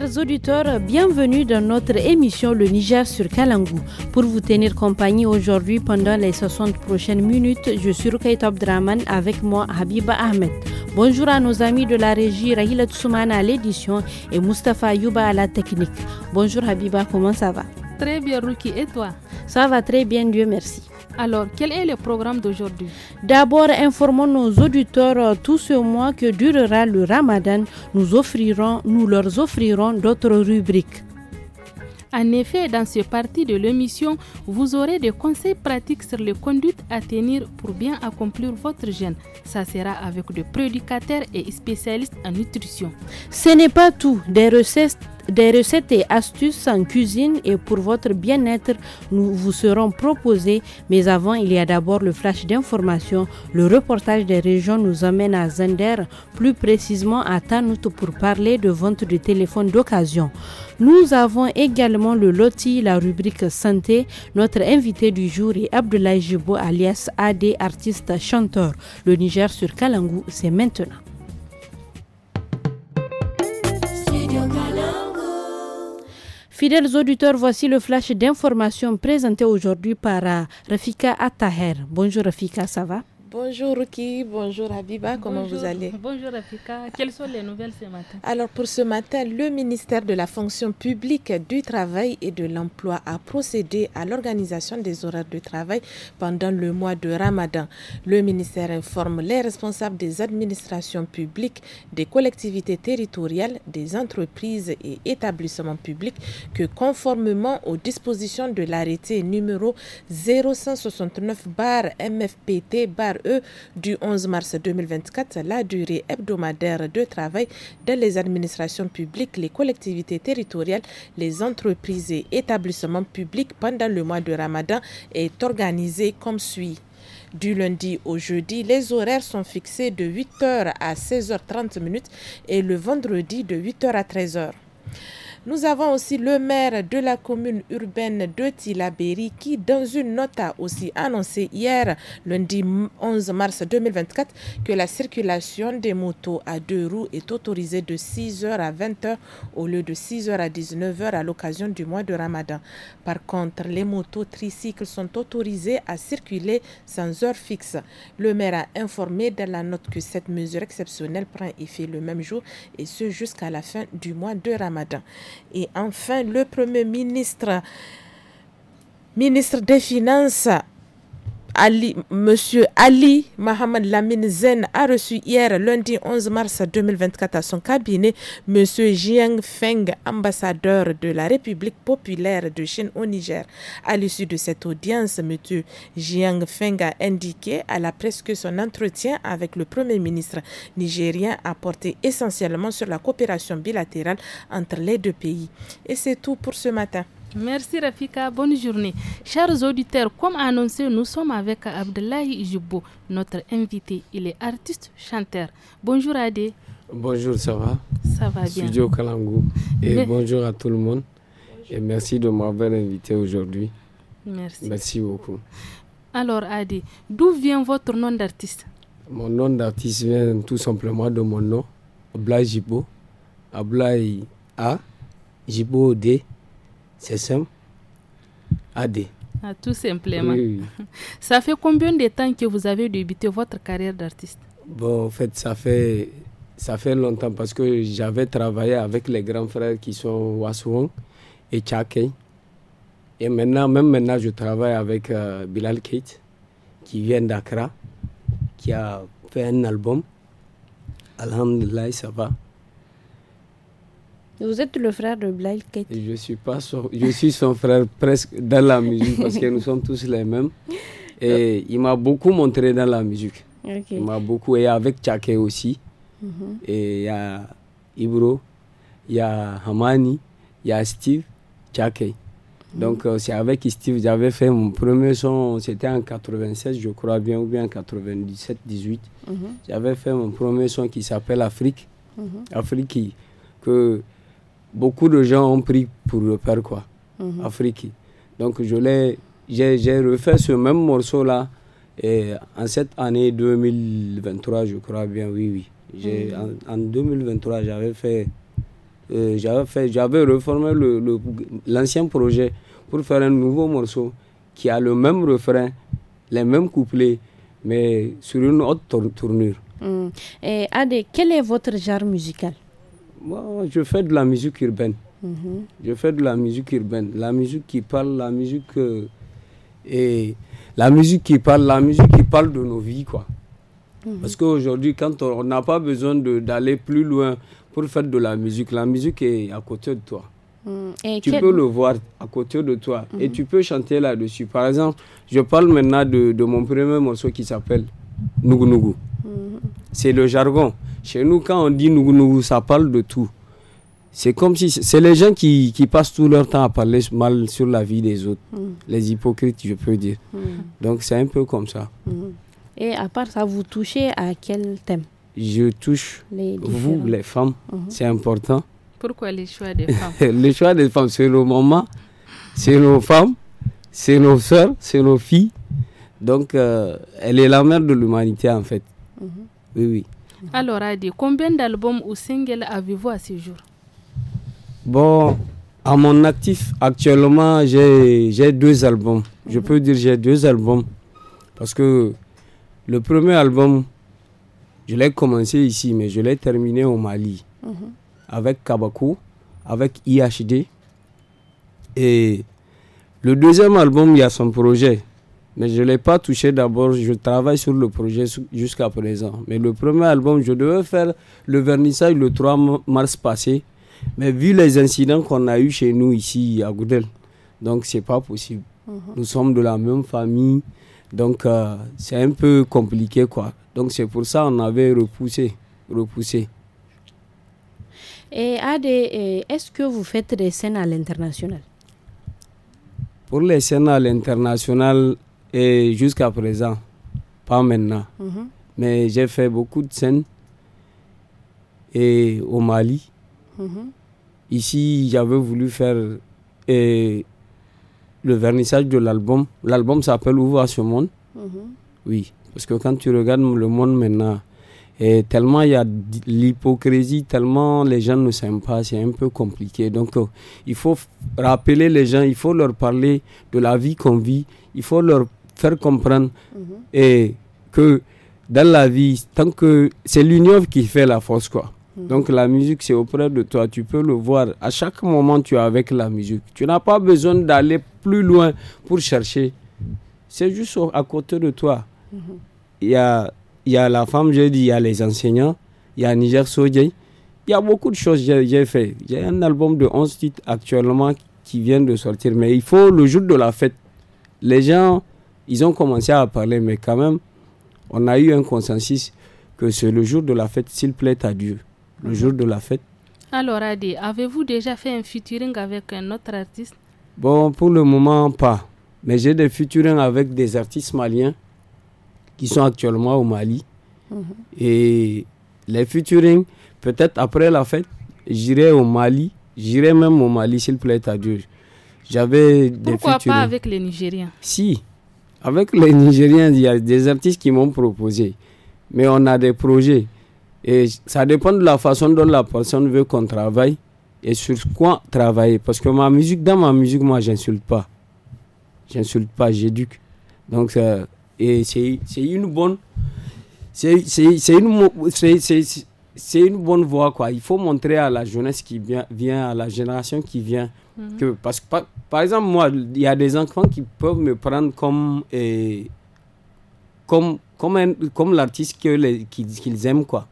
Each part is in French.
Chers auditeurs, bienvenue dans notre émission Le Niger sur Kalangou. Pour vous tenir compagnie aujourd'hui pendant les 60 prochaines minutes, je suis Top Draman avec moi Habiba Ahmed. Bonjour à nos amis de la régie Rahila Tsoumana à l'édition et Mustapha Yuba à la technique. Bonjour Habiba, comment ça va Très bien Ruki, et toi Ça va très bien, Dieu merci. Alors, quel est le programme d'aujourd'hui D'abord, informons nos auditeurs euh, tout ce mois que durera le ramadan. Nous, offrirons, nous leur offrirons d'autres rubriques. En effet, dans ce parti de l'émission, vous aurez des conseils pratiques sur les conduites à tenir pour bien accomplir votre jeûne. Ça sera avec des prédicateurs et spécialistes en nutrition. Ce n'est pas tout. Des recettes des recettes et astuces en cuisine et pour votre bien-être nous vous serons proposés. Mais avant, il y a d'abord le flash d'information. Le reportage des régions nous amène à Zender, plus précisément à Tanout pour parler de vente de téléphones d'occasion. Nous avons également le loti, la rubrique santé. Notre invité du jour est Abdoulaye Jibo alias AD, artiste chanteur. Le Niger sur Kalangou, c'est maintenant. Fidèles auditeurs, voici le flash d'informations présenté aujourd'hui par euh, Rafika Attaher. Bonjour Rafika, ça va Bonjour Ruki, bonjour Habiba, comment vous allez Bonjour Africa, quelles sont les nouvelles ce matin Alors pour ce matin, le ministère de la fonction publique du travail et de l'emploi a procédé à l'organisation des horaires de travail pendant le mois de Ramadan. Le ministère informe les responsables des administrations publiques, des collectivités territoriales, des entreprises et établissements publics que conformément aux dispositions de l'arrêté numéro 0169 bar MFPT bar E, du 11 mars 2024 la durée hebdomadaire de travail dans les administrations publiques, les collectivités territoriales, les entreprises et établissements publics pendant le mois de Ramadan est organisée comme suit. Du lundi au jeudi, les horaires sont fixés de 8h à 16h30 et le vendredi de 8h à 13h. Nous avons aussi le maire de la commune urbaine de Tilaberi qui, dans une note, a aussi annoncé hier, lundi 11 mars 2024, que la circulation des motos à deux roues est autorisée de 6h à 20h au lieu de 6h à 19h à l'occasion du mois de Ramadan. Par contre, les motos tricycles sont autorisées à circuler sans heure fixe. Le maire a informé dans la note que cette mesure exceptionnelle prend effet le même jour et ce jusqu'à la fin du mois de Ramadan. Et enfin, le Premier ministre, ministre des Finances, Ali, Monsieur Ali Mohamed Lamine Zen a reçu hier, lundi 11 mars 2024, à son cabinet Monsieur Jiang Feng, ambassadeur de la République populaire de Chine au Niger. À l'issue de cette audience, Monsieur Jiang Feng a indiqué à la presse que son entretien avec le Premier ministre nigérien a porté essentiellement sur la coopération bilatérale entre les deux pays. Et c'est tout pour ce matin. Merci Rafika, bonne journée. Chers auditeurs, comme annoncé, nous sommes avec Abdelahi Jibbo, notre invité. Il est artiste chanteur. Bonjour Adé. Bonjour, ça va Ça va bien. Studio Kalangou. Et bonjour à tout le monde. Et merci de m'avoir invité aujourd'hui. Merci. Merci beaucoup. Alors Adé, d'où vient votre nom d'artiste Mon nom d'artiste vient tout simplement de mon nom, Ablay Jibbo. Abdelahi A, Jibo D. C'est simple. adé. Ah, tout simplement. Ça fait combien de temps que vous avez débuté votre carrière d'artiste Bon, en fait, ça fait, ça fait longtemps parce que j'avais travaillé avec les grands frères qui sont Wasouan et Chake Et maintenant, même maintenant, je travaille avec euh, Bilal Kate qui vient d'Accra, qui a fait un album. Alhamdulillah, ça va. Vous êtes le frère de Blaise Kate. Je suis pas son, je suis son frère presque dans la musique parce que nous sommes tous les mêmes. Et il m'a beaucoup montré dans la musique. Il m'a beaucoup et avec Tchake aussi. Mhm. Et il y a Ibro, il y a Hamani, il y a Steve, Tchake. Donc euh, c'est avec Steve j'avais fait mon premier son, c'était en 96 je crois bien ou bien en 97 18. J'avais fait mon premier son qui s'appelle Afrique. Mhm. Afrique que beaucoup de gens ont pris pour le père, quoi, mhm. Afrique. Donc, je l'ai, j'ai, refait ce même morceau-là et en cette année 2023, je crois bien, oui, oui. Mhm. en, 2023, j'avais fait, euh, j'avais fait, j'avais reformé l'ancien projet pour faire un nouveau morceau qui a le même refrain, les mêmes couplets, mais sur une autre tournure. Mhm. Et Ade, quel est votre genre musical moi, je fais de la musique urbaine. Mhm. Je fais de la musique urbaine, la musique qui parle, la musique euh, et la musique qui parle, la musique qui parle de nos vies, quoi. Mhm. Parce qu'aujourd'hui, quand on n'a pas besoin d'aller plus loin pour faire de la musique, la musique est à côté de toi. Mhm. et tu peux le voir à côté de toi et tu peux chanter là-dessus. Par exemple, je parle maintenant de, de mon premier morceau qui s'appelle Nougou Nougou. C'est le jargon. Chez nous, quand on dit nous, ça parle de tout. C'est comme si c'est les gens qui, qui, passent tout leur temps à parler mal sur la vie des autres, mm. les hypocrites, je peux dire. Mm. Donc c'est un peu comme ça. Mm. Et à part ça, vous touchez à quel thème Je touche vous, les femmes, mm-hmm. c'est important. Pourquoi les choix des femmes Les choix des femmes, c'est nos mamans, c'est nos femmes, c'est nos soeurs, c'est nos filles. Donc euh, elle est la mère de l'humanité en fait. Mm-hmm. Oui, oui. Alors, Adi, combien d'albums ou singles avez-vous à ce jour Bon, à mon actif, actuellement, j'ai deux albums. Je mhm. peux dire j'ai deux albums. Parce que le premier album, je l'ai commencé ici, mais je l'ai terminé au Mali. Mhm. Avec Kabaku, avec IHD. Et le deuxième album, il y a son projet. Mais je ne l'ai pas touché d'abord, je travaille sur le projet jusqu'à présent. Mais le premier album, je devais faire le vernissage le 3 mars passé. Mais vu les incidents qu'on a eu chez nous ici à Goudel, donc c'est pas possible. Mhm. Nous sommes de la même famille, donc euh, c'est un peu compliqué quoi. Donc c'est pour ça on avait repoussé, repoussé. Et Adé, est-ce que vous faites des scènes à l'international Pour les scènes à l'international, et jusqu'à présent, pas maintenant. Mhm. Mais j'ai fait beaucoup de scènes. Et au Mali. Mhm. Ici, j'avais voulu faire et le vernissage de l'album. L'album s'appelle Ouvre à ce monde. Mhm. Oui. Parce que quand tu regardes le monde maintenant, et tellement il y a l'hypocrisie, tellement les gens ne s'aiment pas, c'est un peu compliqué. Donc euh, il faut rappeler les gens, il faut leur parler de la vie qu'on vit, il faut leur faire comprendre mhm. et que dans la vie, tant que c'est l'union qui fait la force, quoi. Mhm. Donc la musique, c'est auprès de toi. Tu peux le voir. À chaque moment, tu es avec la musique. Tu n'as pas besoin d'aller plus loin pour chercher. C'est juste à côté de toi. Mhm. Il y, a, y a la femme, j'ai dit, il y a les enseignants, il y a Niger Sojay. Il y a beaucoup de choses que j'ai fait. J'ai un album de 11 titres actuellement qui vient de sortir. Mais il faut le jour de la fête. Les gens ils ont commencé à parler, mais quand même, on a eu un consensus que c'est le jour de la fête, s'il plaît à Dieu, le jour de la fête. Alors, Adi, avez-vous déjà fait un featuring avec un autre artiste Bon, pour le moment, pas. Mais j'ai des featuring avec des artistes maliens qui sont actuellement au Mali. Mhm. Et les featuring, peut-être après la fête, j'irai au Mali. J'irai même au Mali, s'il plaît à Dieu. J'avais des Pourquoi pas avec les Nigériens Si, avec les Nigériens, il y a des artistes qui m'ont proposé. Mais on a des projets. Et ça dépend de la façon dont la personne veut qu'on travaille et sur quoi travailler. Parce que ma musique, dans ma musique, moi, j'insulte pas. J'insulte pas, j'éduque. Donc, c'est une bonne. C'est une c'est une bonne voie, quoi. Il faut montrer à la jeunesse qui vient, vient à la génération qui vient. Mhm. que, parce que, par, exemple, moi, il y a des enfants qui peuvent me prendre comme, comme, comme, comme l'artiste qu'ils aiment, quoi.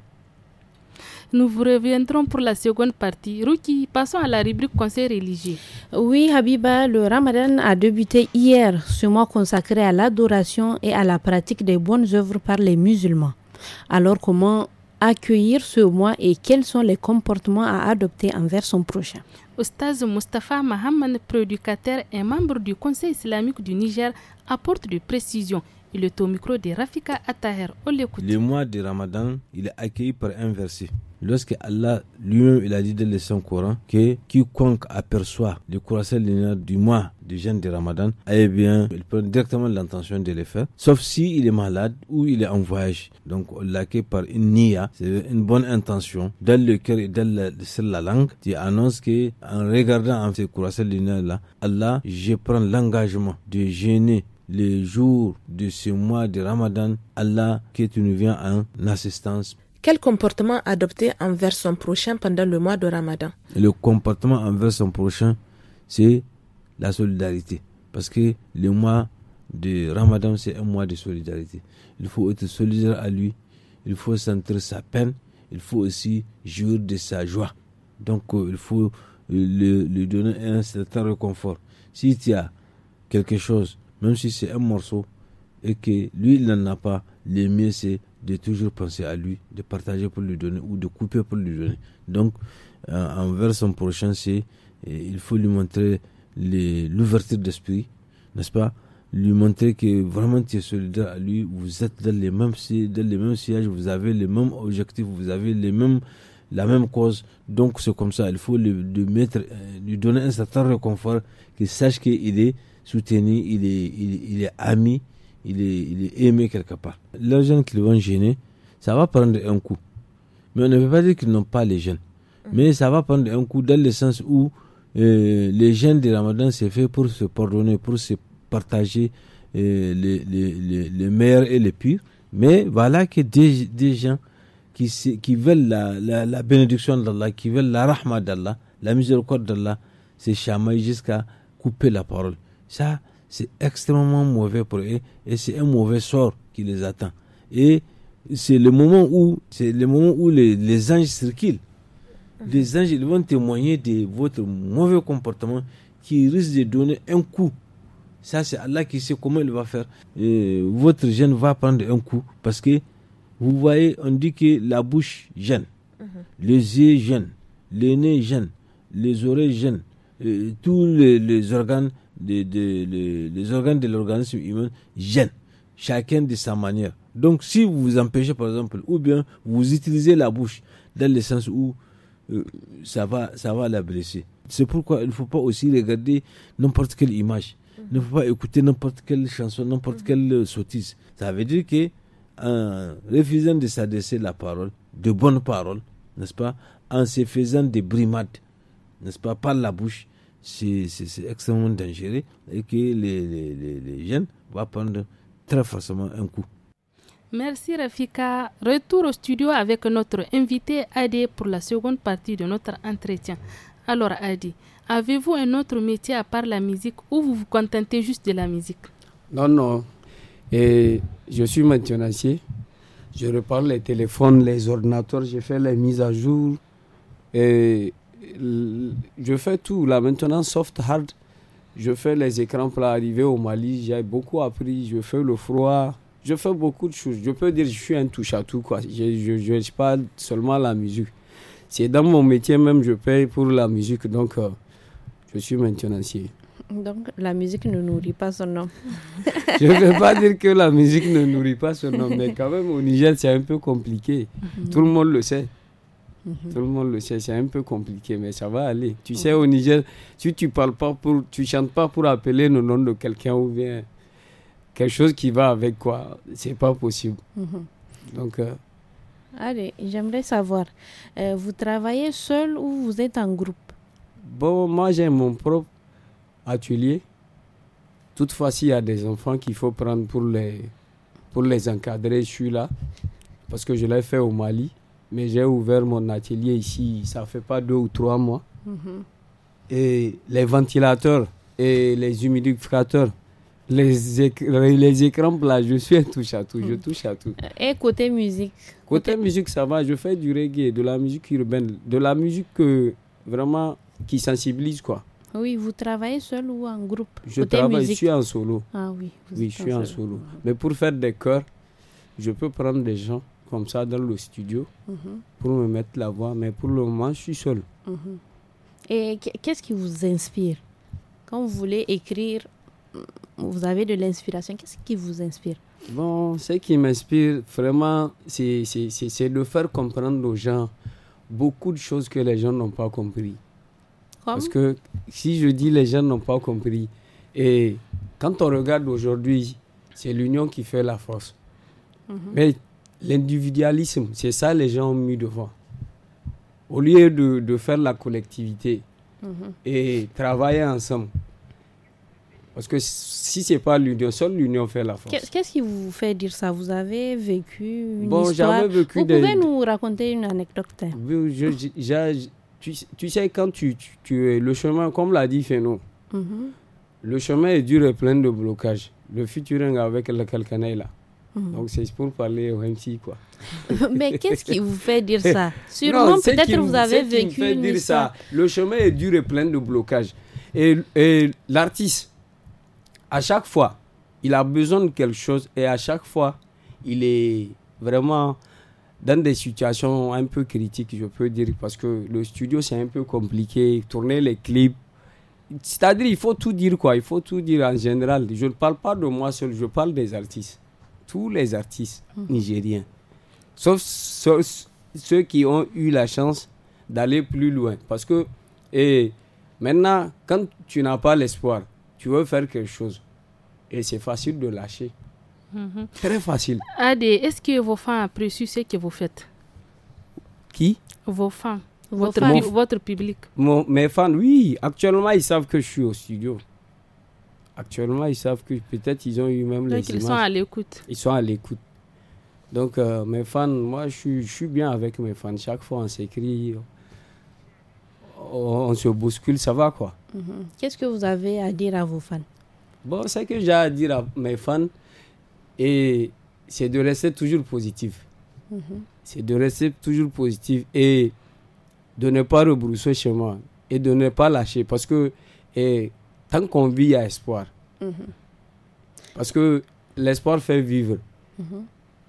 Nous vous reviendrons pour la seconde partie. Ruki, passons à la rubrique Conseil religieux. Oui, Habiba, le ramadan a débuté hier, ce mois consacré à l'adoration et à la pratique des bonnes œuvres par les musulmans. Alors, comment accueillir ce mois et quels sont les comportements à adopter envers son prochain. Oustaz Mustafa Mohammed prédicateur et membre du Conseil islamique du Niger, apporte des précisions il est au micro de Rafika Attaher. On l'écoute. Le mois de Ramadan, il est accueilli par un verset. Lorsque Allah lui-même il a dit dans le Saint-Coran que quiconque aperçoit le croissant lunaire du mois du jeûne de Ramadan, eh bien, il prend directement l'intention de le faire, sauf s'il est malade ou il est en voyage. Donc, on l'accueille par une niya, c'est une bonne intention, dans le cœur et dans la, langue, qui annonce que, en regardant ce croissant lunaire là Allah, je prends l'engagement de jeûner les jours de ce mois de Ramadan, Allah que tu nous viens en assistance. Quel comportement adopter envers son prochain pendant le mois de Ramadan Le comportement envers son prochain, c'est la solidarité. Parce que le mois de Ramadan, c'est un mois de solidarité. Il faut être solidaire à lui, il faut sentir sa peine, il faut aussi jouir de sa joie. Donc, euh, il faut euh, lui donner un certain réconfort. Si tu as quelque chose même si c'est un morceau, et que lui, il n'en a pas, le mieux, c'est de toujours penser à lui, de partager pour lui donner ou de couper pour lui donner. Donc, euh, envers son prochain, c'est il faut lui montrer l'ouverture d'esprit, n'est-ce pas Lui montrer que vraiment tu es solidaire à lui, vous êtes dans les mêmes, dans les mêmes sièges, vous avez les mêmes objectifs, vous avez les mêmes, la même cause. Donc, c'est comme ça, il faut lui, mettre, euh, lui donner un certain réconfort, qu'il sache qu'il est soutenu, il est, il, est ami, il est, il est, aimé quelque part. Les jeunes qui vont gêner, ça va prendre un coup. Mais on ne veut pas dire qu'ils n'ont pas les jeunes. Mm. Mais ça va prendre un coup dans le sens où euh, les jeunes du Ramadan, c'est fait pour se pardonner, pour se partager euh, les, les, meilleurs et les pires. Mais voilà que des, gens qui, qui veulent la, la, la bénédiction d'Allah, qui veulent la rahma d'Allah, la miséricorde d'Allah, se chamaillent jusqu'à couper la parole. Ça, c'est extrêmement mauvais pour eux et c'est un mauvais sort qui les attend. Et c'est le moment où, c'est le moment où les, les anges circulent. Les mhm. anges vont témoigner de votre mauvais comportement qui risque de donner un coup. Ça, c'est Allah qui sait comment il va faire. votre jeune va prendre un coup parce que vous voyez, on dit que la bouche gêne, mhm. les yeux gênent, les nez gênent, les oreilles gênent, tous les organes les, organes de l'organisme humain gênent, chacun de sa manière. Donc si vous vous empêchez par exemple, ou bien vous utilisez la bouche dans le sens où euh, ça, va, ça va la blesser. C'est pourquoi il ne faut pas aussi regarder n'importe quelle image, il mm-hmm. ne faut pas écouter n'importe quelle chanson, n'importe mm-hmm. quelle euh, sottise. Ça veut dire que en refusant de s'adresser la parole, de bonnes paroles, n'est-ce pas, en se faisant des brimades, n'est-ce pas, par la bouche, c'est extrêmement dangereux et que les, jeunes vont prendre très forcément un coup. Merci Rafika. Retour au studio avec notre invité Adi pour la seconde partie de notre entretien. Alors Adi, avez-vous un autre métier à part la musique ou vous vous contentez juste de la musique Non, non. Et je suis maintenancier. Je repars les téléphones, les ordinateurs, je fais les mises à jour. Et je fais tout, la maintenance soft, hard. Je fais les écrans pour arriver au Mali. J'ai beaucoup appris. Je fais le froid. Je fais beaucoup de choses. Je peux dire que je suis un touche-à-tout. Je ne pas seulement la musique. C'est dans mon métier même, je paye pour la musique. Donc, euh, je suis maintenancier. Donc, la musique ne nourrit pas son nom je ne veux pas dire que la musique ne nourrit pas son nom mais quand même, au Niger, c'est un peu compliqué. Mhm. Tout le monde le sait. Mhm. Tout le monde le sait, c'est un peu compliqué, mais ça va aller. Tu mhm. sais, au Niger, si tu parles pas pour, tu chantes pas pour appeler le nom de quelqu'un ou bien quelque chose qui va avec quoi, c'est pas possible. Mhm. Donc. Euh, Allez, j'aimerais savoir, euh, vous travaillez seul ou vous êtes en groupe Bon, moi j'ai mon propre atelier. Toutefois, s'il y a des enfants qu'il faut prendre pour les, pour les encadrer, je suis là. Parce que je l'ai fait au Mali mais j'ai ouvert mon atelier ici, ça fait pas deux ou trois mois. Mhm. Et les ventilateurs et les humidificateurs, les, les écrans je suis un touche à tout, je mhm. touche à tout. Et côté musique Côté, musique, ça va, je fais du reggae, de la musique urbaine, de la musique vraiment qui sensibilise quoi. Oui, vous travaillez seul ou en groupe Je travaille, musique. je suis en solo. Ah oui, vous oui, je suis en solo. solo. Mais pour faire des chœurs, je peux prendre des gens comme ça dans le studio mhm. pour me mettre la voix. Mais pour le moment, je suis seul. Mhm. Et qu'est-ce qui vous inspire Quand vous voulez écrire, vous avez de l'inspiration. Qu'est-ce qui vous inspire Bon, ce qui m'inspire vraiment, c'est de faire comprendre aux gens beaucoup de choses que les gens n'ont pas compris. Parce que si je dis les gens n'ont pas compris, et quand on regarde aujourd'hui, c'est l'union qui fait la force. Mhm. Mais L'individualisme, c'est ça les gens ont mis devant. Au lieu de, de faire la collectivité mm-hmm. et travailler ensemble. Parce que si c'est pas l'union, seule l'union fait la force. Qu'est-ce qui vous fait dire ça Vous avez vécu une histoire Vous pouvez nous raconter une anecdote tu, sais, quand tu, tu, le chemin, comme l'a dit Fénon, mm-hmm. le chemin est dur et plein de blocages. Le futuring avec le est là. Mm. Donc c'est pour parler au MC quoi. Mais qu'est-ce qui vous fait dire ça Sûrement peut-être vous avez vécu dire ça. Le chemin est dur et plein de blocages. Et, et l'artiste, à chaque fois, il a besoin de quelque chose et à chaque fois, il est vraiment dans des situations un peu critiques, je peux dire, parce que le studio c'est un peu compliqué, tourner les clips. C'est-à-dire, il faut tout dire quoi, il faut tout dire en général. Je ne parle pas de moi seul, je parle des artistes tous les artistes mhm. nigériens, sauf, ceux qui ont eu la chance d'aller plus loin. Parce que et maintenant, quand tu n'as pas l'espoir, tu veux faire quelque chose. Et c'est facile de lâcher. Mhm. Très facile. Adé, est-ce que vos fans apprécient ce que vous faites Qui Vos fans. Votre, public. mes fans, oui. Actuellement, ils savent que je suis au studio actuellement, ils savent que peut-être ils ont eu même Donc les ils sont à l'écoute. Ils sont à l'écoute. Donc, euh, mes fans, moi, je suis, bien avec mes fans. Chaque fois, on s'écrit, on, se bouscule, ça va, quoi. Mhm. Qu'est-ce que vous avez à dire à vos fans Bon, ce que j'ai à dire à mes fans, et c'est de rester toujours positif. Mhm. C'est de rester toujours positif et de ne pas rebrousser chemin et de ne pas lâcher. Parce que et tant qu'on vit, il y a espoir. Mm-hmm. Parce que l'espoir fait vivre. Mm-hmm.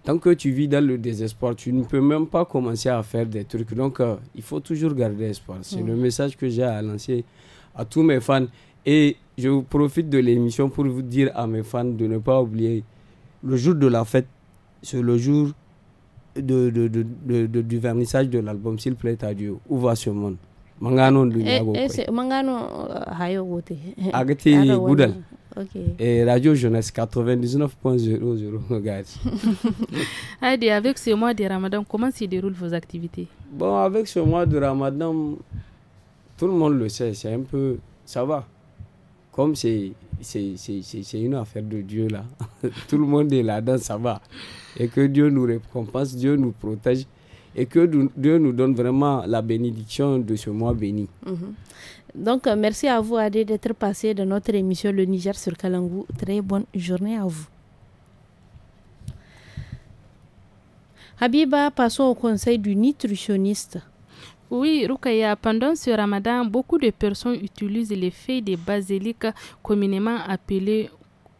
Tant que tu vis dans le désespoir, tu ne peux même pas commencer à faire des trucs. Donc, euh, il faut toujours garder espoir. C'est le mm. message que j'ai à lancer à tous mes fans. Et je profite de l'émission pour vous dire à mes fans de ne pas oublier le jour de la fête, c'est le jour du vernissage de l'album, s'il plaît à Dieu. Où va ce monde mangano eh, nyago eh, mangano uh, hayo gote agati gudal Okay. Et eh, Radio Jeunesse 99.00, guys. avec ce mois de Ramadan, comment se déroulent vos activités Bon, avec ce mois de Ramadan, tout le monde le sait, c'est un peu. Ça va. Comme c'est une affaire de Dieu, là. tout le monde est là-dedans, ça va. Et que Dieu nous récompense, Dieu nous protège et que Dieu nous donne vraiment la bénédiction de ce mois béni. Mhm. Donc, euh, merci à vous, Adé, d'être passé de notre émission Le Niger sur Kalangou. Très bonne journée à vous. Habiba, passons au conseil du nutritionniste. Oui, Rukaya, pendant ce ramadan, beaucoup de personnes utilisent les feuilles de basilic, communément appelées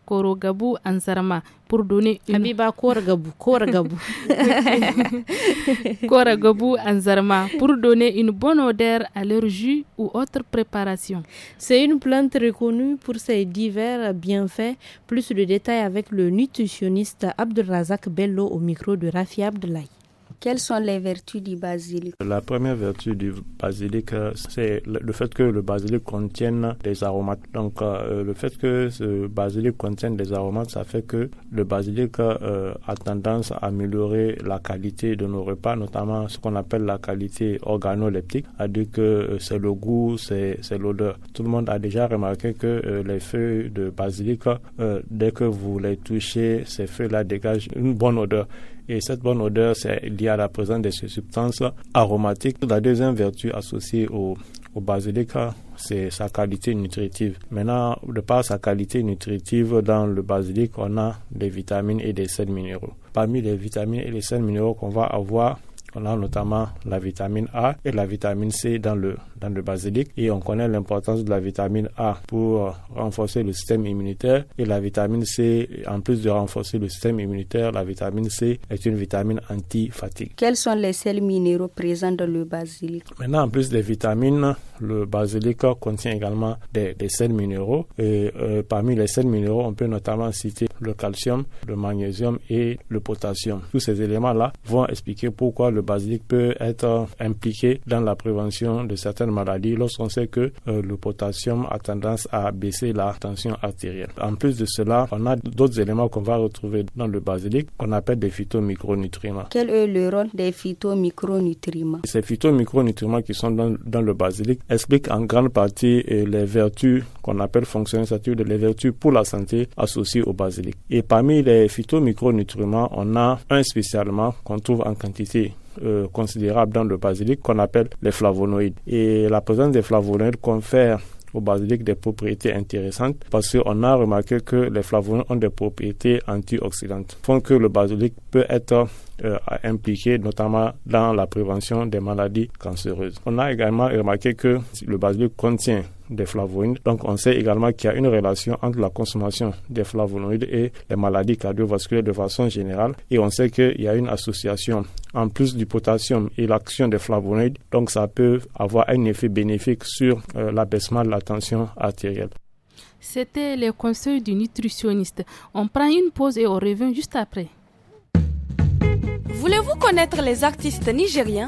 Korogabu ansarma pour donner une... pour donner une bonne odeur à leur jus ou autre préparation. C'est une plante reconnue pour ses divers bienfaits. Plus de détails avec le nutritionniste Abdelrazak Bello au micro de Rafi Abdelai. Quelles sont les vertus du basilic La première vertu du basilic, c'est le fait que le basilic contienne des aromates. Donc, euh, le fait que ce basilic contienne des aromates, ça fait que le basilic euh, a tendance à améliorer la qualité de nos repas, notamment ce qu'on appelle la qualité organoleptique, c'est-à-dire que euh, c'est le goût, c'est l'odeur. Tout le monde a déjà remarqué que les feuilles de basilic, dès que vous les touchez, ces feuilles-là dégagent une bonne odeur. Et cette bonne odeur, c'est lié à la présence de ces substances aromatiques. La deuxième vertu associée au, basilic, c'est sa qualité nutritive. Maintenant, de par sa qualité nutritive, dans le basilic, on a des vitamines et des sels minéraux. Parmi les vitamines et les sels minéraux qu'on va avoir, on a notamment la vitamine A et la vitamine C dans le dans le basilic et on connaît l'importance de la vitamine A pour euh, renforcer le système immunitaire et la vitamine C, en plus de renforcer le système immunitaire, la vitamine C est une vitamine anti-fatigue. Quels sont les sels minéraux présents dans le basilic Maintenant, en plus des vitamines, le basilic contient également des, sels minéraux et euh, parmi les sels minéraux, on peut notamment citer le calcium, le magnésium et le potassium. Tous ces éléments-là vont expliquer pourquoi le basilic peut être euh, impliqué dans la prévention de certaines maladie lorsqu'on sait que euh, le potassium a tendance à baisser la tension artérielle. En plus de cela, on a d'autres éléments qu'on va retrouver dans le basilic qu'on appelle des phytomicronutriments. Quel est le rôle des micronutriments? Ces micronutriments qui sont dans, dans le basilic expliquent en grande partie euh, les vertus qu'on appelle fonctionnelles, cest à les vertus pour la santé associées au basilic. Et parmi les micronutriments on a un spécialement qu'on trouve en quantité euh, considérable dans le basilic qu'on appelle les flavonoïdes. Et la présence des flavonoïdes confère au basilic des propriétés intéressantes parce qu'on a remarqué que les flavonoïdes ont des propriétés antioxydantes, font que le basilic peut être euh, impliqué notamment dans la prévention des maladies cancéreuses. On a également remarqué que le basilic contient des flavonoïdes. Donc on sait également qu'il y a une relation entre la consommation des flavonoïdes et les maladies cardiovasculaires de façon générale. Et on sait qu'il y a une association en plus du potassium et l'action des flavonoïdes. Donc ça peut avoir un effet bénéfique sur euh, l'abaissement de la tension artérielle. C'était le conseil du nutritionniste. On prend une pause et on revient juste après. Voulez-vous connaître les artistes nigériens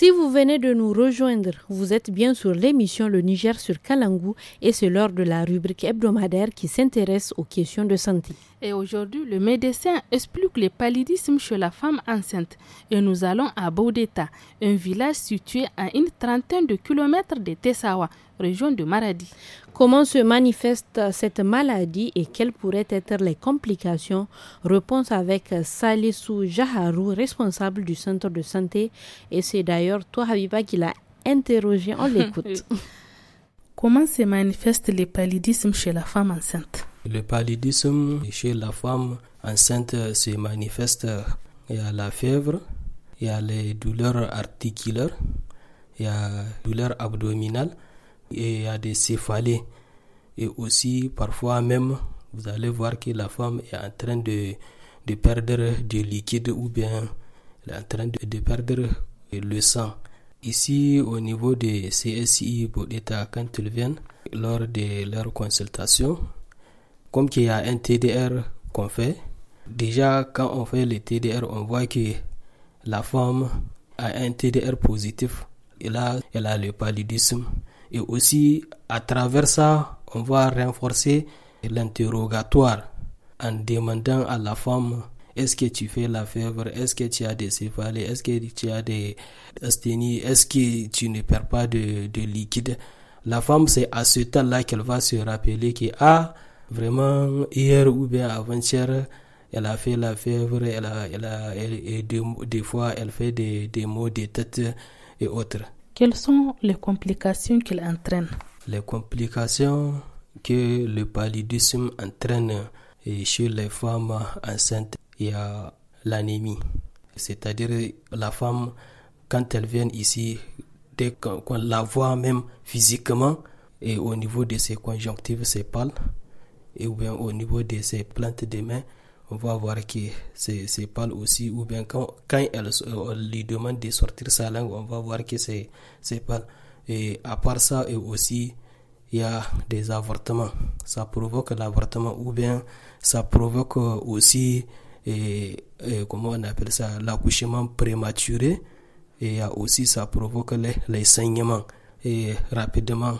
Si vous venez de nous rejoindre, vous êtes bien sur l'émission Le Niger sur Kalangou et c'est lors de la rubrique hebdomadaire qui s'intéresse aux questions de santé. Et aujourd'hui, le médecin explique les paludismes chez la femme enceinte et nous allons à Baudeta, un village situé à une trentaine de kilomètres de Tessawa, région de Maradi. Comment se manifeste cette maladie et quelles pourraient être les complications Réponse avec Salissou Jaharou, responsable du centre de santé. Et c'est d'ailleurs toi, Habiba, qui l'a interrogé. On l'écoute. Comment se manifeste le paludisme chez la femme enceinte Le paludisme chez la femme enceinte se manifeste. Il y a la fièvre, il y a les douleurs articulaires, il y a douleur abdominales et à des céphalées. Et aussi, parfois même, vous allez voir que la femme est en train de, de perdre du liquide ou bien elle est en train de, de perdre le sang. Ici, au niveau des CSI Bodeta, quand ils viennent, lors de leur consultation, comme qu'il y a un TDR qu'on fait, déjà quand on fait le TDR, on voit que la femme a un TDR positif. Et là, elle a le paludisme. Et aussi, à travers ça, on va renforcer l'interrogatoire en demandant à la femme est-ce que tu fais la fièvre, est-ce que tu as des céphalées, est-ce que tu as des asthénies, est-ce que tu ne perds pas de, liquide. La femme, c'est à ce temps-là qu'elle va se rappeler que, a ah, vraiment, hier ou bien avant-hier, elle a fait la fièvre, elle elle et des, fois, elle fait des, des maux de tête et autres. Quelles sont les complications qu'il entraîne Les complications que le paludisme entraîne chez les femmes enceintes, il y a l'anémie. C'est-à-dire la femme, quand elle vient ici, dès qu'on la voit même physiquement, et au niveau de ses conjonctives, ses pales, et bien au niveau de ses plantes de mains, on va voir que c'est pâle aussi, ou bien quand, quand elle, euh, on lui demande de sortir sa langue, on va voir que c'est pâle. Et à part ça, et aussi, il y a des avortements. Ça provoque l'avortement, ou bien ça provoque euh, aussi, comment on appelle ça, l'accouchement prématuré. Et aussi, ça provoque les, les saignements. Et rapidement,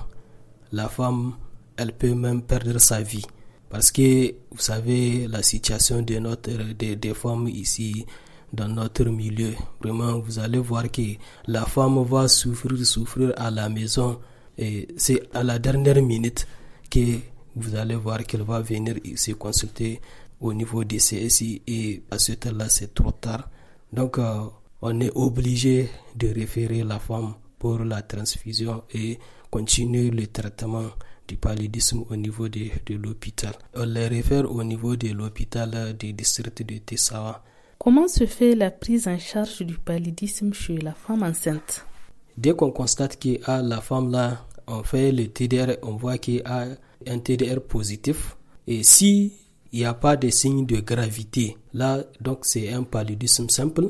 la femme, elle peut même perdre sa vie. Parce que, vous savez, la situation de notre, des, femmes ici, dans notre milieu, vraiment, vous allez voir que la femme va souffrir, souffrir à la maison. Et c'est à la dernière minute que vous allez voir qu'elle va venir se consulter au niveau des CSI et à ce temps-là, c'est trop tard. Donc, euh, on est obligé de référer la femme pour la transfusion et continuer le traitement du paludisme euh, au niveau de, l'hôpital. On les réfère au niveau de l'hôpital du district de Tessawa. Comment se fait la prise en charge du paludisme chez la femme enceinte Dès qu'on constate que a ah, la femme là, on fait le TDR, on voit qu'il y a ah, un TDR positif. Et si il n'y a pas de signe de gravité, là, donc c'est un paludisme simple.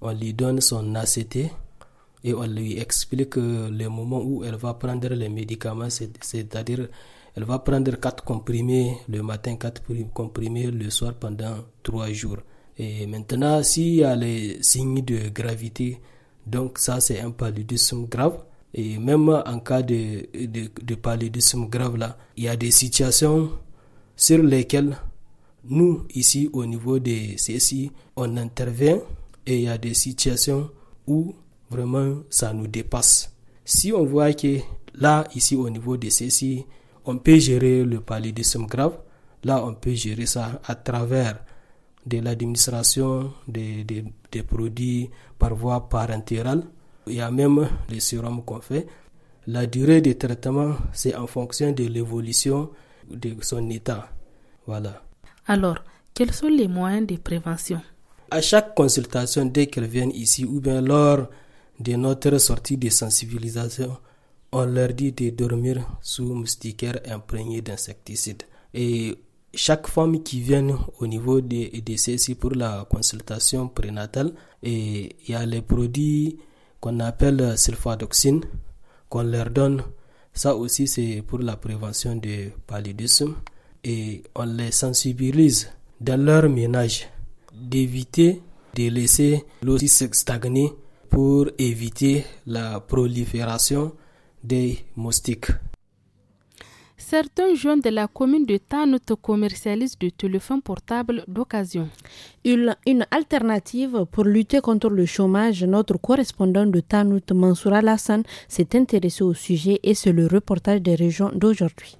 On lui donne son ACT et on lui explique le moment où elle va prendre les médicaments, c'est-à-dire elle va prendre quatre comprimés le matin, 4 comprimés le soir pendant trois jours. Et maintenant, s'il y a les signes de gravité, donc ça c'est un paludisme grave. Et même en cas de, de, paludisme grave, là, il y a des situations sur lesquelles nous, ici au niveau des CSI, on intervient et il y a des situations où vraiment, ça nous dépasse. Si on voit que là, ici, au niveau de ceci, on peut gérer le paludisme grave, là, on peut gérer ça à travers de l'administration des, produits par voie parentérale. Il y a même les sérums qu'on fait. La durée de traitement, c'est en fonction de l'évolution de son état. Voilà. Alors, quels sont les moyens de prévention À chaque consultation, dès qu'elles viennent ici ou bien lors de notre sortie de sensibilisation, on leur dit de dormir sous moustiquaire imprégné d'insecticides. Et chaque femme qui vient au niveau de, de ceci pour la consultation prénatale, et il y a les produits qu'on appelle sulfadoxine qu'on leur donne. Ça aussi, c'est pour la prévention du paludisme. Et on les sensibilise dans leur ménage d'éviter de laisser l'eau stagner pour éviter la prolifération des moustiques. Certains jeunes de la commune de Tanout commercialisent des téléphones portables d'occasion. Une, une, alternative pour lutter contre le chômage, notre correspondant de Tanout, Mansoura Lassan, s'est intéressé au sujet et c'est le reportage des régions d'aujourd'hui.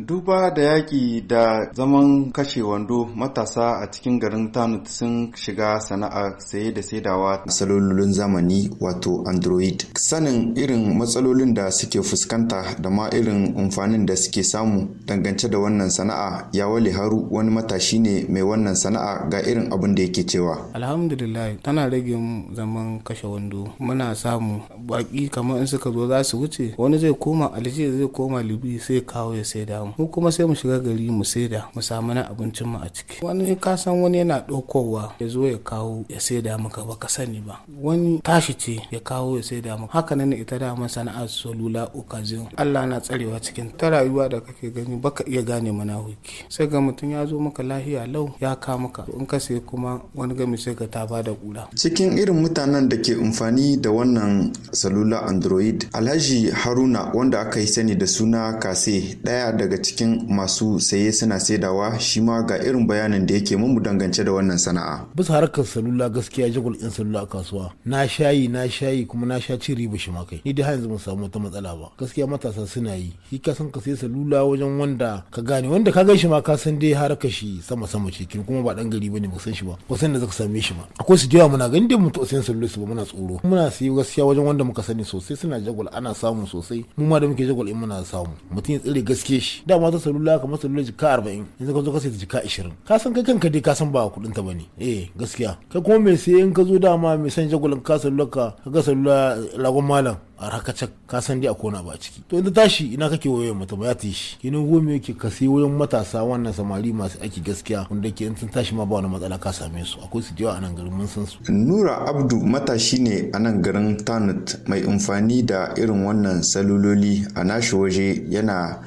Duba da yaƙi da zaman kashe wando matasa a cikin garin Tanut sun shiga sana'a saye da saidawa salolin zamani wato Android. Sanin irin matsalolin da suke fuskanta da ma irin amfanin da suke samu dangance da wannan sana'a ya wale haru wani matashi ne mai wannan sana'a ga irin abin da yake cewa. Alhamdulillah tana rage zaman kashe wando muna samu baƙi kamar in suka zo za su wuce wani zai koma Alje zai koma Libi sai kawo ya saida mu mu kuma sai mu shiga gari mu saida mu samu na abincin mu a ciki wani ka san wani yana ɗaukowa ya zo ya kawo ya saida maka ba ka sani ba wani tashi ce ya kawo ya saida maka haka nan ita da dama sana'ar solula occasion Allah na tsarewa cikin ta rayuwa da kake gani baka iya gane mana huki sai ga mutum ya zo maka lahiya lau ya ka maka in ka sai kuma wani gami sai ka ta bada kura cikin irin mutanen da ke amfani da wannan salula android alhaji haruna wanda aka yi sani da suna kase daya daga cikin masu saye suna saidawa shi ma ga irin bayanin da yake mun dangance da wannan sana'a bisa harkar salula gaskiya jagul in salula a kasuwa na shayi na shayi kuma na sha cin riba shi ma kai ni dai har yanzu ban samu wata matsala ba gaskiya matasa suna yi shi ka san ka sai salula wajen wanda ka gane wanda ka gaishe ma ka san dai harkar shi sama sama ce kin kuma ba dan gari bane ba san shi ba Ko san da zaka same shi ba akwai su da muna gani dai mu to sai salula su ba muna tsoro muna sayi gaskiya wajen wanda muka sani sosai suna jagul ana samu sosai mu ma da muke jagul in muna samu mutum ya tsire gaske shi ma ta salula masa salula jika arba'in yanzu ka zo ka sai ta jika ashirin ka san kai kanka dai ka san ba kuɗin ta bane eh gaskiya kai kuma mai sai in ka zo da ma mai san jagulan ka salula ka ga salula lagon malam a rakacak ka san dai a kona ba ciki to inda tashi ina kake wayoyin mata ba ya ta yi shi kinin gome yake ka sai wayoyin matasa wannan samari masu aiki gaskiya wanda ke sun tashi ma ba wani matsala ka same su akwai su jiwa a nan garin mun san su nura abdu matashi ne a nan garin tanut mai amfani da irin wannan saluloli a nashi waje yana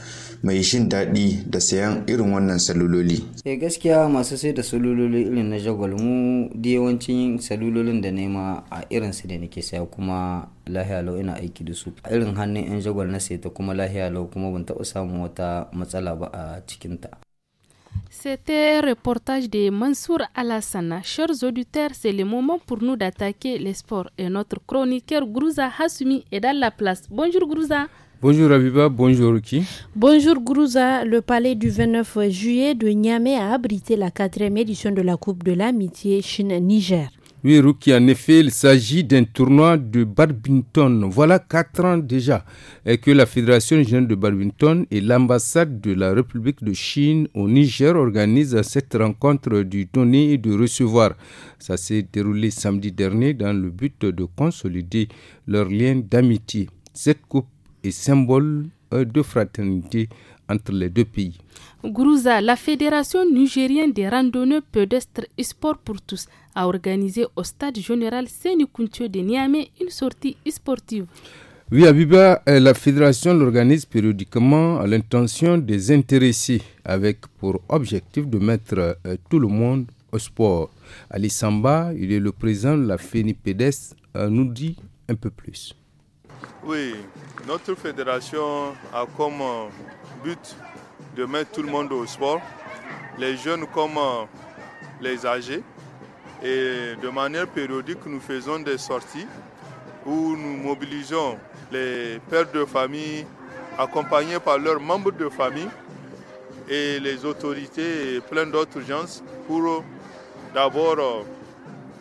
mai shin daɗi da sayan irin wannan saluloli. sai eh, gaskiya masu sai da saluloli irin na jagwal mu da yawancin salulolin da nema a irin su da nake saya kuma lahiya lau ina aiki da su. irin hannun 'yan jagwal na sai ta kuma lahiya lau kuma ban taɓa samun wata matsala ba a cikinta. C'était un reportage de Mansour Alassana. Chers auditeurs, c'est le moment pour nous d'attaquer les sports. Et notre chroniqueur Grouza Hassoumi est dans la place. Bonjour Grouza. Bonjour Abiba, bonjour Ruki. Bonjour Grouza. Le palais du 29 juillet de Niamey a abrité la quatrième édition de la Coupe de l'amitié Chine-Niger. Oui, Ruki, en effet, il s'agit d'un tournoi de badminton. Voilà quatre ans déjà eh, que la Fédération jeune de badminton et l'ambassade de la République de Chine au Niger organisent cette rencontre du donner et du recevoir. Ça s'est déroulé samedi dernier dans le but de consolider leur lien d'amitié. Cette coupe et symbole euh, de fraternité entre les deux pays. Gourouza, la Fédération nigérienne des randonneurs pédestres et sport pour tous a organisé au stade général Sénikuntio de Niamey une sortie sportive. Oui, Abiba, euh, la fédération l'organise périodiquement à l'intention des intéressés avec pour objectif de mettre euh, tout le monde au sport. Ali Samba, il est le président de la FENIPEDES, nous dit un peu plus. Oui, notre fédération a comme euh, but de mettre tout le monde au sport, les jeunes comme euh, les âgés. Et de manière périodique, nous faisons des sorties où nous mobilisons les pères de famille accompagnés par leurs membres de famille et les autorités et plein d'autres gens pour euh, d'abord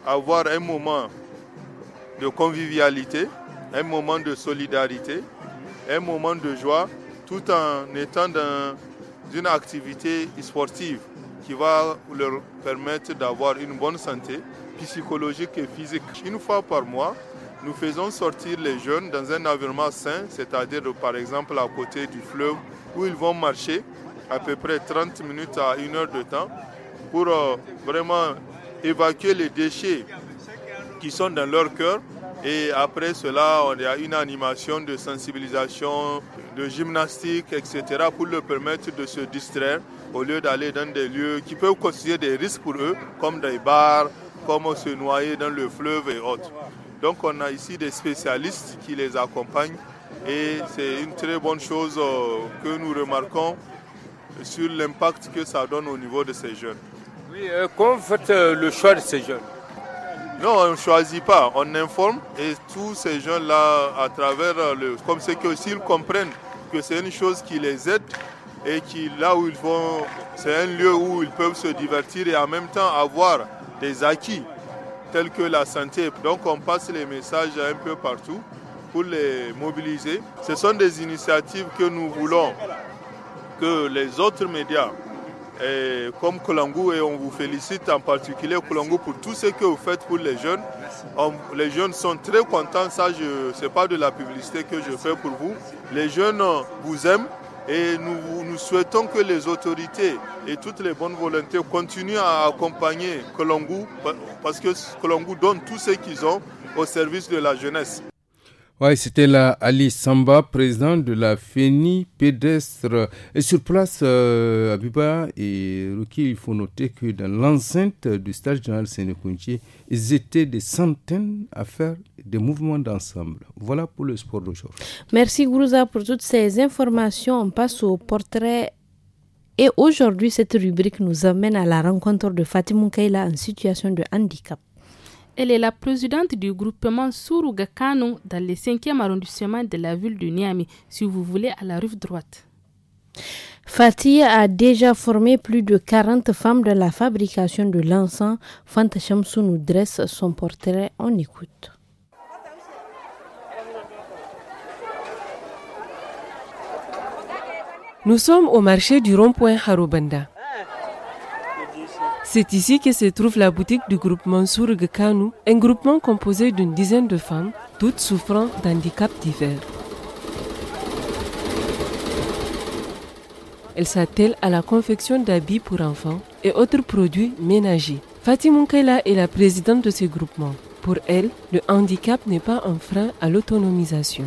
avoir un moment de convivialité un moment de solidarité, un moment de joie, tout en étant dans une activité sportive qui va leur permettre d'avoir une bonne santé psychologique et physique. Une fois par mois, nous faisons sortir les jeunes dans un environnement sain, c'est-à-dire par exemple à côté du fleuve, où ils vont marcher à peu près 30 minutes à une heure de temps pour euh, vraiment évacuer les déchets qui sont dans leur cœur et après cela, on a une animation de sensibilisation, de gymnastique, etc. pour leur permettre de se distraire au lieu d'aller dans des lieux qui peuvent constituer des risques pour eux, comme des bars, comme se noyer dans le fleuve et autres. Donc on a ici des spécialistes qui les accompagnent et c'est une très bonne chose euh, que nous remarquons sur l'impact que ça donne au niveau de ces jeunes. Oui, euh, comment vous faites euh, le choix de ces jeunes non, on ne choisit pas, on informe et tous ces gens-là, à travers euh, le. Comme c'est que s'ils comprennent que c'est une chose qui les aide et qui, là où ils vont, c'est un lieu où ils peuvent se divertir et en même temps avoir des acquis tels que la santé. Donc on passe les messages un peu partout pour les mobiliser. Ce sont des initiatives que nous voulons que les autres médias et comme Kolangu, et on vous félicite en particulier Kolangu pour tout ce que vous faites pour les jeunes. les jeunes sont très contents, ça ce n'est pas de la publicité que je fais pour vous. Les jeunes euh, vous aiment et nous, nous souhaitons que les autorités et toutes les bonnes volontés continuent à accompagner Kolangu parce que Kolangu donne tout ce qu'ils ont au service de la jeunesse. Oui, c'était là Ali Samba, président de la FENI pédestre. Et sur place, à euh, Abiba et Ruki, il faut noter que dans l'enceinte du stage général Sénécountier, ils étaient des centaines à faire des mouvements d'ensemble. Voilà pour le sport d'aujourd'hui. Merci Gourouza pour toutes ces informations. On passe au portrait et aujourd'hui, cette rubrique nous amène à la rencontre de Fatimou Kaila en situation de handicap elle est la présidente du groupement Suruga Kanu dans le 5e arrondissement de la ville de Niamey, si vous voulez, à la rive droite. Fatih a déjà formé plus de 40 femmes de la fabrication de l'encens. Fanta nous dresse son portrait. en écoute. Nous sommes au marché du rond-point Harobanda. C'est ici que se trouve la boutique du groupement Sourg Kanou, un groupement composé d'une dizaine de femmes, toutes souffrant d'handicaps divers. Elle s'attelle à la confection d'habits pour enfants et autres produits ménagers. Fatima Munkayla est la présidente de ce groupement. Pour elle, le handicap n'est pas un frein à l'autonomisation.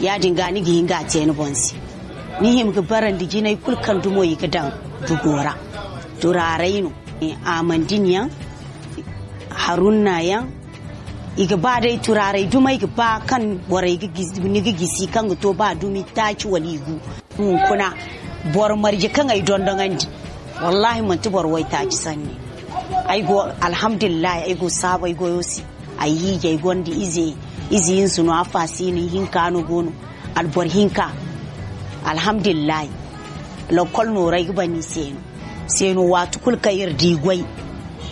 ya dinga ni gi hinga te ni bonsi ni him ga baran digi nay kulkan dumo yi ga dan dugora turarainu no eh, amandin yan harunna yan iga ba dai turarai duma iga ba kan warai ni ga gisi kan to ba dumi taki waligu mun kuna bor marje kan ai dondon andi wallahi mun ti bor wai ci sanni ai go alhamdulillah ai go sabai go yosi yi ga gondi ize izi yin sunu afasini hinka no gono albor hinka alhamdulillah lokol no rai bani seno seno watu kulka irdi gwai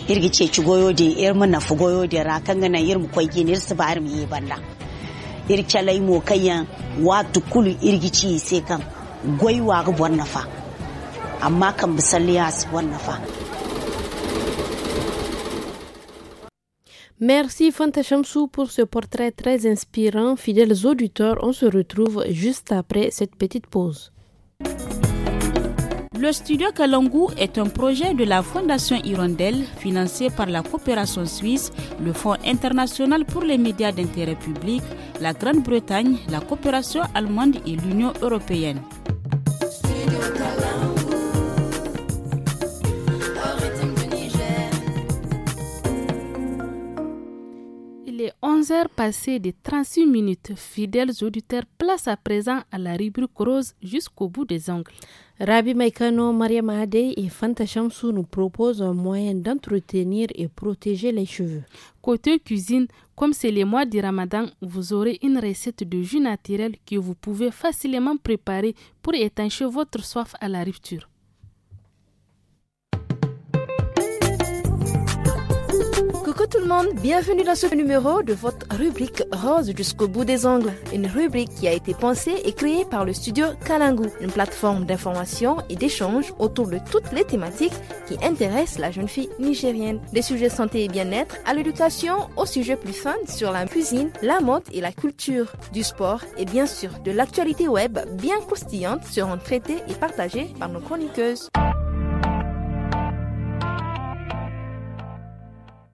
irgi ce ci goyo de irmu na goyo de ra kan ganan irmu kwai gini su ba irmu yi banda ir chalai mo kayan watu kulu irgi ci sai kan gwai wa ga bonnafa amma kan bisalliya su bonnafa Merci Fanta Chamsou pour ce portrait très inspirant. Fidèles auditeurs, on se retrouve juste après cette petite pause. Le studio Kalangu est un projet de la Fondation Hirondelle financé par la coopération suisse, le Fonds international pour les médias d'intérêt public, la Grande-Bretagne, la coopération allemande et l'Union européenne. 11 heures passées de 36 minutes. Fidèles auditeurs, place à présent à la rubrique rose jusqu'au bout des ongles. Rabbi Maikano, Maria Mahade et Fanta Chamsou nous proposent un moyen d'entretenir et protéger les cheveux. Côté cuisine, comme c'est les mois du ramadan, vous aurez une recette de jus naturel que vous pouvez facilement préparer pour étancher votre soif à la rupture. tout le monde, bienvenue dans ce numéro de votre rubrique Rose jusqu'au bout des ongles, une rubrique qui a été pensée et créée par le studio Kalangu, une plateforme d'information et d'échange autour de toutes les thématiques qui intéressent la jeune fille nigérienne, des sujets santé et bien-être à l'éducation, aux sujets plus fun sur la cuisine, la mode et la culture, du sport et bien sûr de l'actualité web bien croustillante seront traités et partagés par nos chroniqueuses.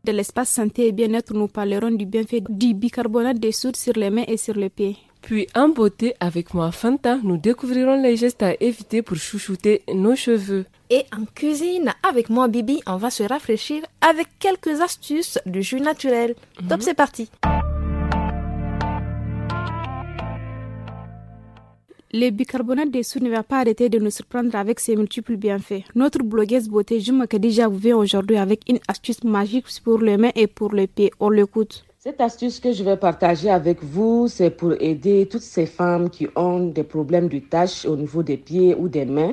de l'espace santé et bien-être, nous parlerons du bienfait du bicarbonate de soude sur les mains et sur les pieds. Puis en beauté, avec moi Fanta, nous découvrirons les gestes à éviter pour chouchouter nos cheveux. Et en cuisine, avec moi Bibi, on va se rafraîchir avec quelques astuces de jus naturel. Top, mhm. c'est parti! Le bicarbonate de soude ne va pas arrêter de nous surprendre avec ses multiples bienfaits. Notre blogueuse beauté Juma déjà vous vient aujourd'hui avec une astuce magique pour les mains et pour les pieds. On l'écoute. Cette astuce que je vais partager avec vous, c'est pour aider toutes ces femmes qui ont des problèmes de taches au niveau des pieds ou des mains,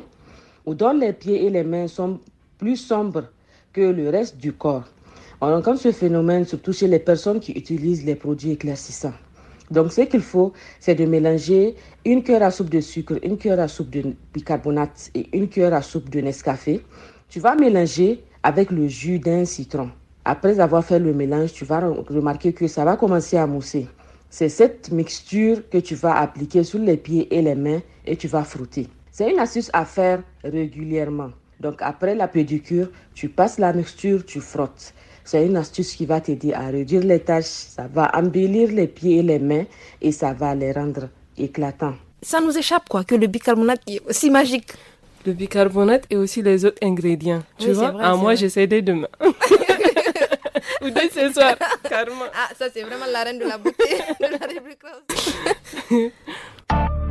ou dont les pieds et les mains sont plus sombres que le reste du corps. On rencontre ce phénomène surtout chez les personnes qui utilisent les produits éclaircissants. Donc, ce qu'il faut, c'est de mélanger une cuillère à soupe de sucre, une cuillère à soupe de bicarbonate et une cuillère à soupe de Nescafé. Tu vas mélanger avec le jus d'un citron. Après avoir fait le mélange, tu vas remarquer que ça va commencer à mousser. C'est cette mixture que tu vas appliquer sur les pieds et les mains et tu vas frotter. C'est une astuce à faire régulièrement. Donc après la pédicure, tu passes la mixture, tu frottes. C'est une astuce qui va te dire à réduire les tâches, ça va embellir les pieds et les mains et ça va les rendre éclatants. Ça nous échappe quoi, que le bicarbonate est aussi magique. Le bicarbonate et aussi les autres ingrédients. tu vois, ah, moi j'essaie dès demain. Ou dès ce soir, carrément. Ah, ça c'est vraiment la reine de la beauté de la République.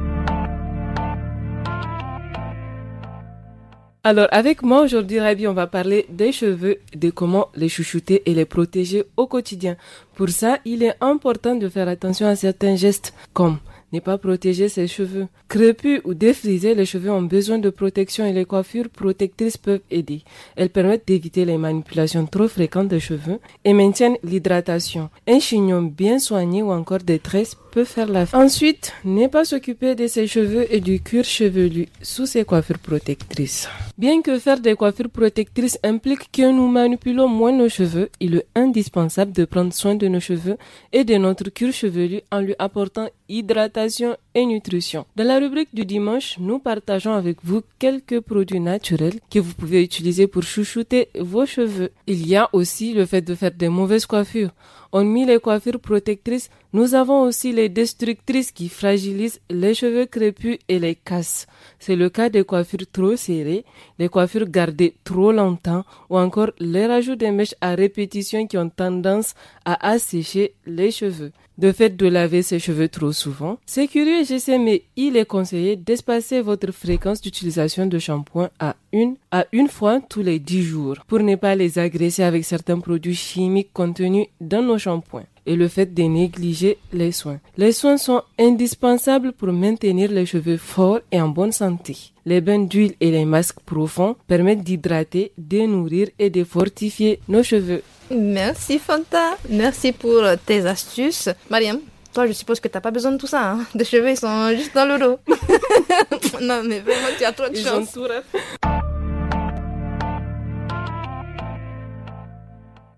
Alors, avec moi aujourd'hui, Rabi, on va parler des cheveux, de comment les chouchouter et les protéger au quotidien. Pour ça, il est important de faire attention à certains gestes, comme ne pas protéger ses cheveux. Crépus ou défrisés, les cheveux ont besoin de protection et les coiffures protectrices peuvent aider. Elles permettent d'éviter les manipulations trop fréquentes des cheveux et maintiennent l'hydratation. Un chignon bien soigné ou encore des tresses faire la Ensuite, ne pas s'occuper de ses cheveux et du cuir chevelu sous ses coiffures protectrices. Bien que faire des coiffures protectrices implique que nous manipulons moins nos cheveux, il est indispensable de prendre soin de nos cheveux et de notre cuir chevelu en lui apportant hydratation nutrition. Dans la rubrique du dimanche, nous partageons avec vous quelques produits naturels que vous pouvez utiliser pour chouchouter vos cheveux. Il y a aussi le fait de faire de mauvaises coiffures. Hormis les coiffures protectrices, nous avons aussi les destructrices qui fragilisent les cheveux crépus et les cassent. C'est le cas des coiffures trop serrées, des coiffures gardées trop longtemps ou encore les rajouts des mèches à répétition qui ont tendance à assécher les cheveux de fait de laver ses cheveux trop souvent. C'est curieux, je sais, mais il est conseillé d'espacer votre fréquence d'utilisation de shampoing à une à une fois tous les 10 jours pour ne pas les agresser avec certains produits chimiques contenus dans nos shampoings et le fait de négliger les soins. Les soins sont indispensables pour maintenir les cheveux forts et en bonne santé. Les bains d'huile et les masques profonds permettent d'hydrater, de nourrir et de fortifier nos cheveux. Merci Fanta, merci pour tes astuces. Mariam, toi je suppose que t'as pas besoin de tout ça, hein. cheveux ils sont juste dans le dos. non mais vraiment tu as trop de chance.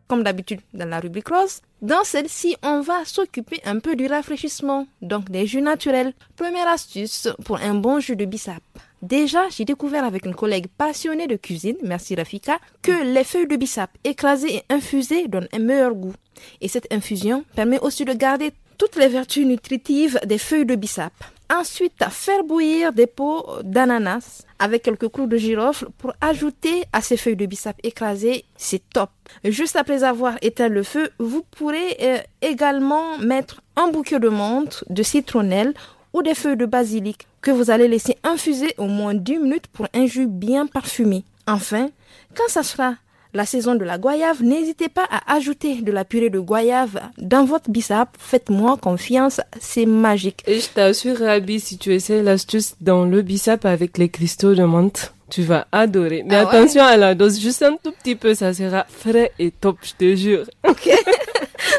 Comme d'habitude dans la rubrique rose, dans celle-ci on va s'occuper un peu du rafraîchissement, donc des jus naturels. Première astuce pour un bon jus de bissap. Déjà, j'ai découvert avec une collègue passionnée de cuisine, merci Rafika, que les feuilles de bissap écrasées et infusées donnent un meilleur goût. Et cette infusion permet aussi de garder toutes les vertus nutritives des feuilles de bissap. Ensuite, à faire bouillir des pots d'ananas avec quelques clous de girofle pour ajouter à ces feuilles de bissap écrasées, c'est top. Juste après avoir éteint le feu, vous pourrez euh, également mettre un bouquet de menthe, de citronnelle ou des feuilles de basilic que vous allez laisser infuser au moins 10 minutes pour un jus bien parfumé. Enfin, quand ça sera la saison de la goyave, n'hésitez pas à ajouter de la purée de goyave dans votre bissap. Faites-moi confiance, c'est magique. Et je t'assure, Rabi, si tu essaies l'astuce dans le bissap avec les cristaux de menthe, tu vas adorer. Mais ah attention à la dose, juste un tout petit peu, ça sera frais et top, je te jure. Ok.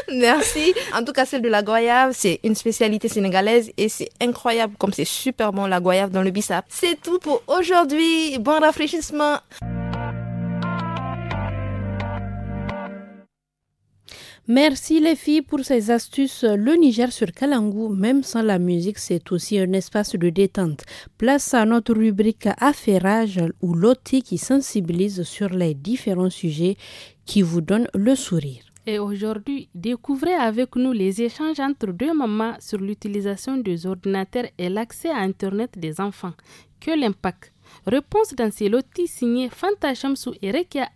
Merci. En tout cas, celle de la goyave, c'est une spécialité sénégalaise et c'est incroyable comme c'est super bon la goyave dans le bissap. C'est tout pour aujourd'hui. Bon rafraîchissement. Merci les filles pour ces astuces. Le Niger sur Kalangu, même sans la musique, c'est aussi un espace de détente. Place à notre rubrique Affairage ou loti qui sensibilise sur les différents sujets qui vous donnent le sourire. Et aujourd'hui, découvrez avec nous les échanges entre deux mamans sur l'utilisation des ordinateurs et l'accès à Internet des enfants. Que l'impact Réponse dans ces lotis signés Fanta sous et Rekia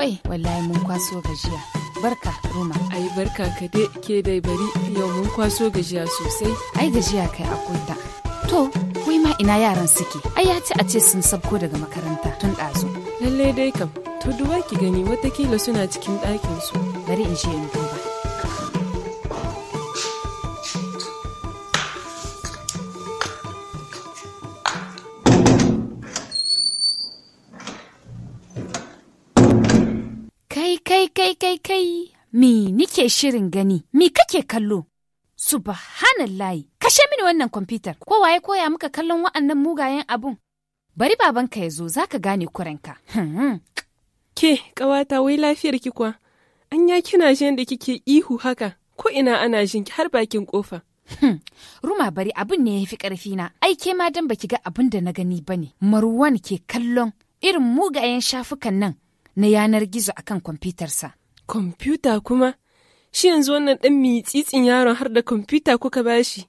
Hey! barka Roma. Ai barka ka dai ke dai bari yau mun kwaso gajiya sosai. Ai gajiya kai akwai ta. To, wai ma ina yaran suke? Ai ya ci a ce sun sabko daga makaranta tun ɗazu. Lallai dai kam, to duwa ki gani watakila suna cikin ɗakin su Bari in je in duba. Kai kai kai kai kai mi nike shirin gani mi kake kallo? Subhanallahi kashe mini wannan kwamfutar kowa ya koya muka kallon wa'annan mugayen abun. Bari babanka ya zo za ka gane kurenka. Hmm. Ke kawata wai lafiyar ki kuwa ya kina jin da kike ihu haka ko ina ana jin ki har bakin kofa. Hmm. Ruma bari abun ne ya fi karfi na aike ma dan baki ga abun da na gani ba ne. Marwan ke kallon irin mugayen shafukan nan na yanar gizo akan kwamfutarsa. Kwamfuta kuma? Shi yanzu wannan ɗan mitsitsin yaron har da kwamfuta kuka bashi.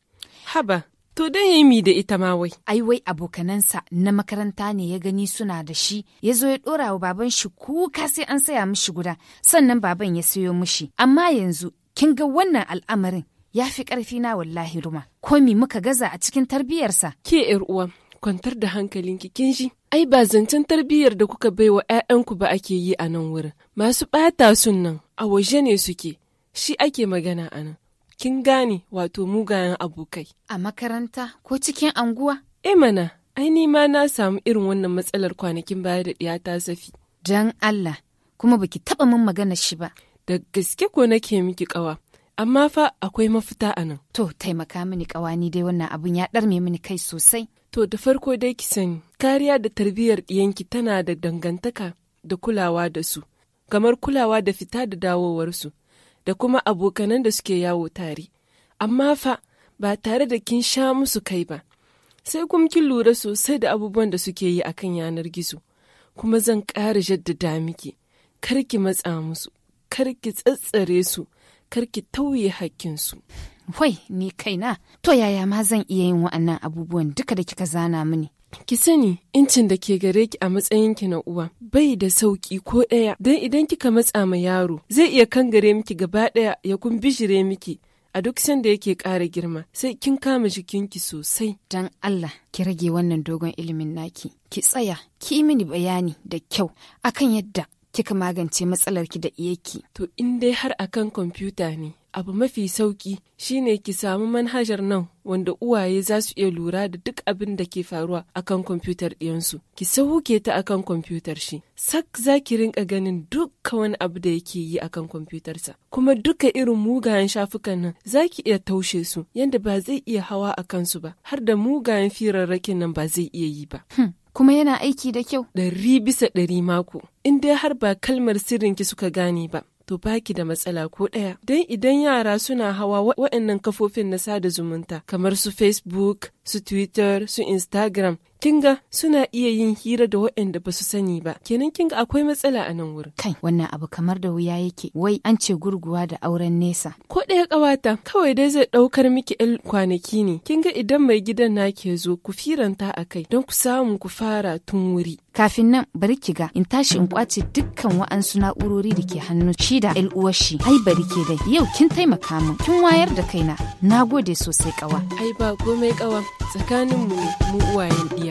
Haba, to dan ya mi da ita ma wai. Ai wai abokanansa na makaranta ne ya gani suna da shi, ya zo ya ɗora wa baban shi kuka sai an saya mishi guda, sannan baban ya sayo mishi. Amma yanzu, kin ga wannan al'amarin ya fi ƙarfi na wallahi ruma. Komi muka gaza a cikin tarbiyarsa. Ke uwa, kwantar da hankalinki kin ji ai ba zancen tarbiyyar da kuka bai wa 'ya'yanku ba ake yi a nan wurin masu ɓata sun nan a waje ne suke shi ake magana a nan kin gane wato mugayen abokai a makaranta ko cikin anguwa e mana ai ni ma na samu irin wannan matsalar kwanakin baya da ɗiya ta safi dan Allah kuma baki taɓa min magana shi ba da gaske ko nake miki ƙawa amma fa akwai mafita a nan. To, taimaka mini kawani dai wannan abun ya ɗarme mini kai sosai. To, da farko dai ki sani, kariya da tarbiyyar ɗiyanki tana da dangantaka da kulawa da su, kamar kulawa da fita da dawowarsu, da kuma abokanan da suke yawo tare. Amma fa, ba tare da kin sha musu kai ba, sai kuma kin lura sosai da abubuwan da suke yi a kan yanar gizo, kuma zan ƙara jaddada miki, kar ki matsa musu, kar ki tsatsare su, kar ki tauye hakkinsu. Wai, ni kaina, to yaya ma zan iya yin wa'annan abubuwan duka da kika zana mini? Ki sani, incin da ke gare ki a matsayinki na uwa bai da sauƙi ko ɗaya, don idan kika matsa ma yaro zai iya kangare miki gaba ɗaya ya kumbishire miki. a duk sanda yake ƙara girma sai kin kama ki sosai. Don Allah ki rage wannan dogon ilimin naki, ki tsaya, ki mini bayani da kyau akan yadda kika magance matsalar ki da iyaki? To in dai har akan kwamfuta ne, abu mafi sauki shine ki samu manhajar nan wanda uwaye za su iya lura da duk abin da ke faruwa akan kwamfutar ɗiyansu. Ki sauke ta akan kwamfutar shi. Sak za ki rinka ganin duka wani abu da yake yi akan kwamfutarsa. Kuma duka irin mugayen shafukan nan za ki iya taushe su yadda ba zai iya hawa a kansu ba, har da mugayen firarrakin nan ba zai iya yi ba. Hmm. kuma yana aiki da kyau? Ɗari bisa ɗari mako. In dai har ba kalmar sirrinki suka gane ba. To baki da matsala ko ɗaya. Don idan yara suna hawa waɗannan kafofin na sada zumunta kamar su Facebook, su Twitter, su Instagram kinga suna iya yin hira da waɗanda ba su sani ba kenan kinga akwai matsala a nan wurin kai wannan abu kamar da wuya yake wai an ce gurguwa da auren nesa ko ɗaya ƙawata kawai dai zai ɗaukar miki ƴan kwanaki ne kinga idan mai gidan na ke zo ku firanta a kai don ku samu ku fara tun wuri kafin nan bari ki ga in tashi in kwace dukkan wa'ansu na'urori da ke hannu shi da uwar shi ai bari ke dai yau kin taimaka min kin wayar da kaina Na gode sosai ƙawa. ai ba komai ƙawa tsakanin mu uwayen iya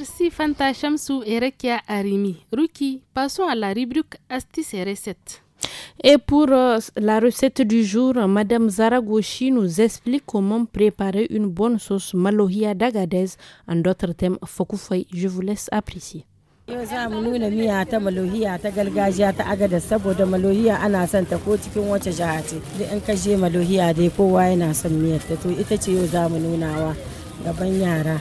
Merci Fanta Chamsou et Rekia Arimi. Ruki, passons à la rubrique Astis et recettes. Et pour euh, la recette du jour, Madame Zaragoshi nous explique comment préparer une bonne sauce malohia d'Agadez, en d'autres termes, fokoufoy. Je vous laisse apprécier. yau za mu nuna miya ta malohiya ta gargajiya ta agada saboda malohiya ana son ta ko cikin wace jiha ce duk in ka je malohiya dai kowa yana son miyar ta to ita ce yau za mu nunawa gaban yara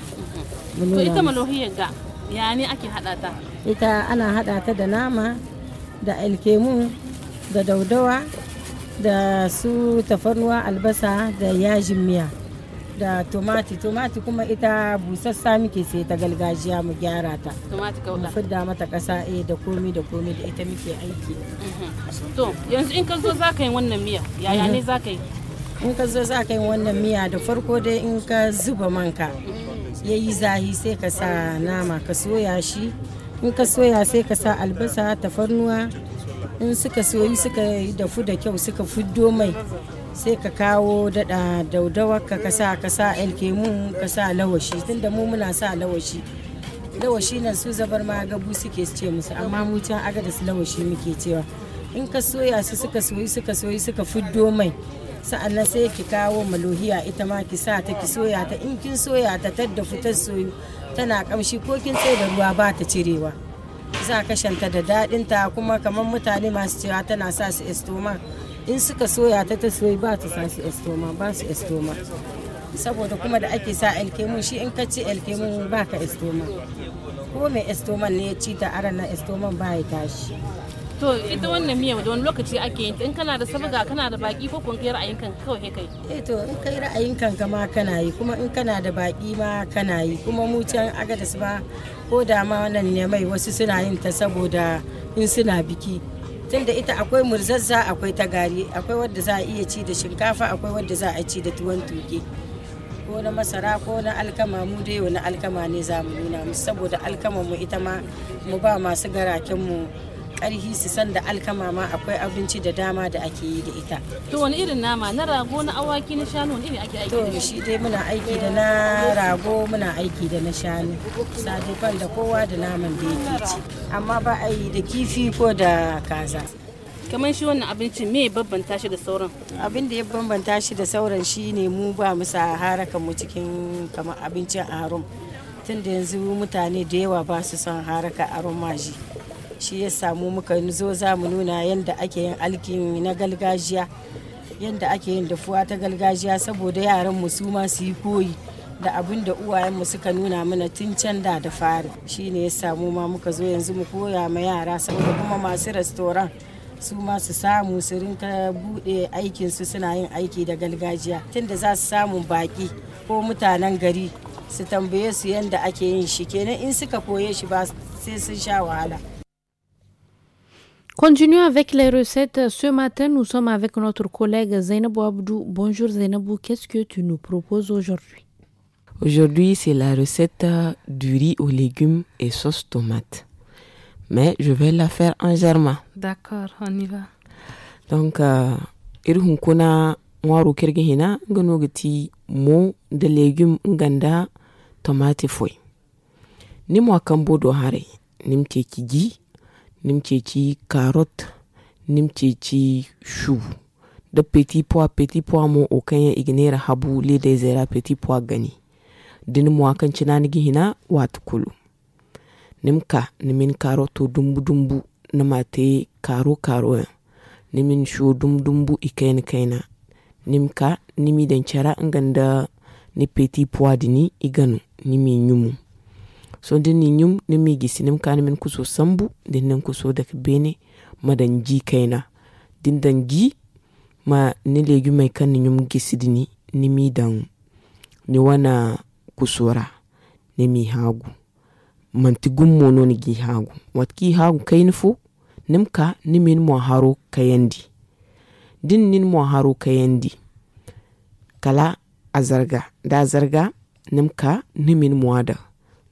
to ita malohiyar ga ya ne ake hada ta ita ana hada ta da nama da alkemu da daudawa da su tafarnuwa albasa da yajin miya da tomati tomati kuma ita busassa muke sai ta galgajiya mu gyara ta tomati kauda mu fidda mata kasa eh da komi da komi da ita muke aiki mhm. to yanzu in ka zo za ka yi wannan miya yaya mhm. ne za ka yi in ka zo za ka yi wannan miya da farko dai in ka zuba manka ya yi zahi sai ka sa nama ka soya shi in ka soya sai ka sa albasa tafarnuwa in suka soyi suka yi dafu da kyau suka fuddo mai sai ka kawo daɗa, daudawar ka ka sa ka sa alkemu ka sa lawashi tunda mu muna sa lawashi lawashi nan su zabar ma gabu suke ce musu amma mu can agadas lawashi muke cewa in ka soya su suka soyi suka soyi suka fuddo mai sa'annan sai ki kawo malohiya ita ma ki sa ta ki soya ta in kin soya ta ta da fitar soyu tana kamshi ko kin tsaye da ruwa ba ta cirewa za ka shanta da daɗin ta kuma kamar mutane masu cewa tana sa su estoma in suka soya ta ta soyu ba ta sa su estoma ba su estoma saboda kuma da ake sa alkemun shi in ka ci alkemun ba ka estoma ko mai estoman ne ya ci ta na estoman ba ya tashi to ita wannan miyan da wani lokaci ake yin in kana da sabga kana da baki ko kun kai ra'ayin kan kawai kai eh to in kai ra'ayin kan ma kana yi kuma in kana da baki ma kana yi kuma mu can agadas ba ko da ma wannan ne mai wasu suna yin ta saboda in suna biki tunda ita akwai murzazza akwai ta gari akwai wadda za a iya ci da shinkafa akwai wadda za a ci da tuwon tuke ko na masara ko na alkama mu dai wani alkama ne za mu nuna mu saboda alkama mu ita ma mu ba masu garakin mu karhi su san da alkama ma akwai abinci da dama da ake yi da ita to wani irin nama na rago na awaki na shanu wani irin ake aiki to shi dai muna aiki da na rago muna aiki da na shanu sadifan da kowa da naman da yake ci amma ba a yi da kifi ko da kaza kamar shi wannan abincin me bambanta shi da sauran abin da ya bambanta shi da sauran shi ne mu ba mu sa harakan mu cikin kamar abincin arum tun da yanzu mutane da yawa ba su son haraka arum maji shi ya samu muka zo za mu nuna yadda ake yin alkin na gargajiya yadda ake yin dafuwa ta gargajiya saboda yaran mu su ma su yi koyi da abin da uwayenmu suka nuna mana tun can da da fari shi ne ya samu ma muka zo yanzu mu koya ma yara saboda kuma masu restoran su ma su samu su rinka buɗe aikinsu suna yin aiki da gargajiya da za su samu baƙi ko mutanen gari su tambaye su yadda ake yin shi kenan in suka koye shi ba sai sun sha wahala Continuons avec les recettes. Ce matin, nous sommes avec notre collègue Zainabou Abdou. Bonjour Zainabou, qu'est-ce que tu nous proposes aujourd'hui Aujourd'hui, c'est la recette euh, du riz aux légumes et sauce tomate. Mais je vais la faire en germain. D'accord, on y va. Donc, euh, de kuna tomate foi. Ni mo nim karot ci chou De petit pois petit pois mo o kan ignira ignera habu le petit pois gani din mo kan cina hina wat kulu nimka nimin karoto dumbu dumbu na mate karo karo nimin chou dum dumbu ikain kena nimka nimi dan denchara nganda ni petit pois dini iganu nimi nyumu so dinni nyum ni mi gisi nim kan min kuso sambu din nin kuso da bene madan ji kaina din dan gi ma ni legu mai kan ni nyum gisi dini ni mi dan ni wana kusora ni mi hagu ti gummo no ni gi hagu wat ki hagu kain nim ka ni min mo haro kayandi din nin mo haro kayandi kala a zarga ka zarga min mo da.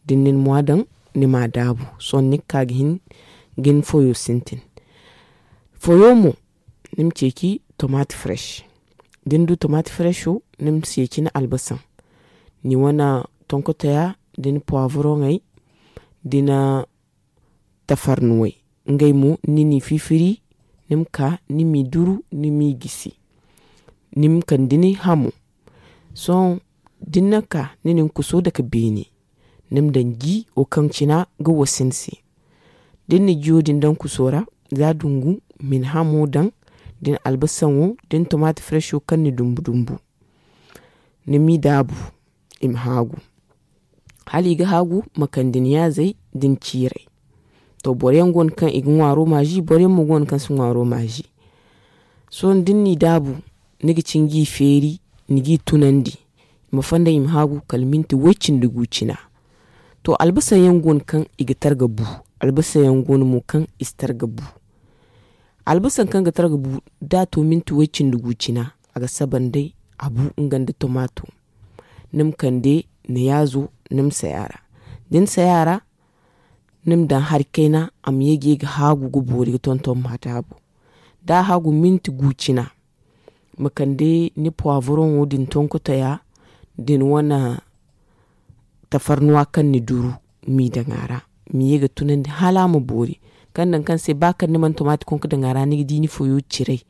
dinin mwadan ni ma dabu son ni kagihin gin foyo sintin foyo nim cheki tomate fresh dindu tomate fresh o nim seki na albasan ni wana din poivro ngai dina ah, ngai nini fifiri nim ka nimi duru nimi gisi nim kan hamu son dinaka ka kuso daga dan gi o cina ga wasinse din ni jiyo din dan kusora za dungu min hamo dan din albasan wo din tomati fresh o kan ni dumbu dumbu ni mi dabu im hagu hali ga hagu makandin ya zai din cire. to bore ngon kan igin waro maji bore mu ngon kan sun waro maji so din ni dabu nigi cingi feri nigi tunandi mafanda im hagu kalminti wacin cina. to albasa yangon kan igitar ga bu albasa yangon mu kan istar ga bu albasan kan ga tar ga bu da to min tu wacin gucina a ga saban dai abu ingan da tomato nim kan dai na yazo nim sayara din sayara nim dan har kaina am yage ga hagu gubori tonton mata bu da hagu minti gucina makande ni poivron wo din din wana tafarnuwa kan ni duru mi da ngara mi yaga tunan hala mu bori kan nan kan sai baka niman tomati kun da ngara ni dini foyo cirei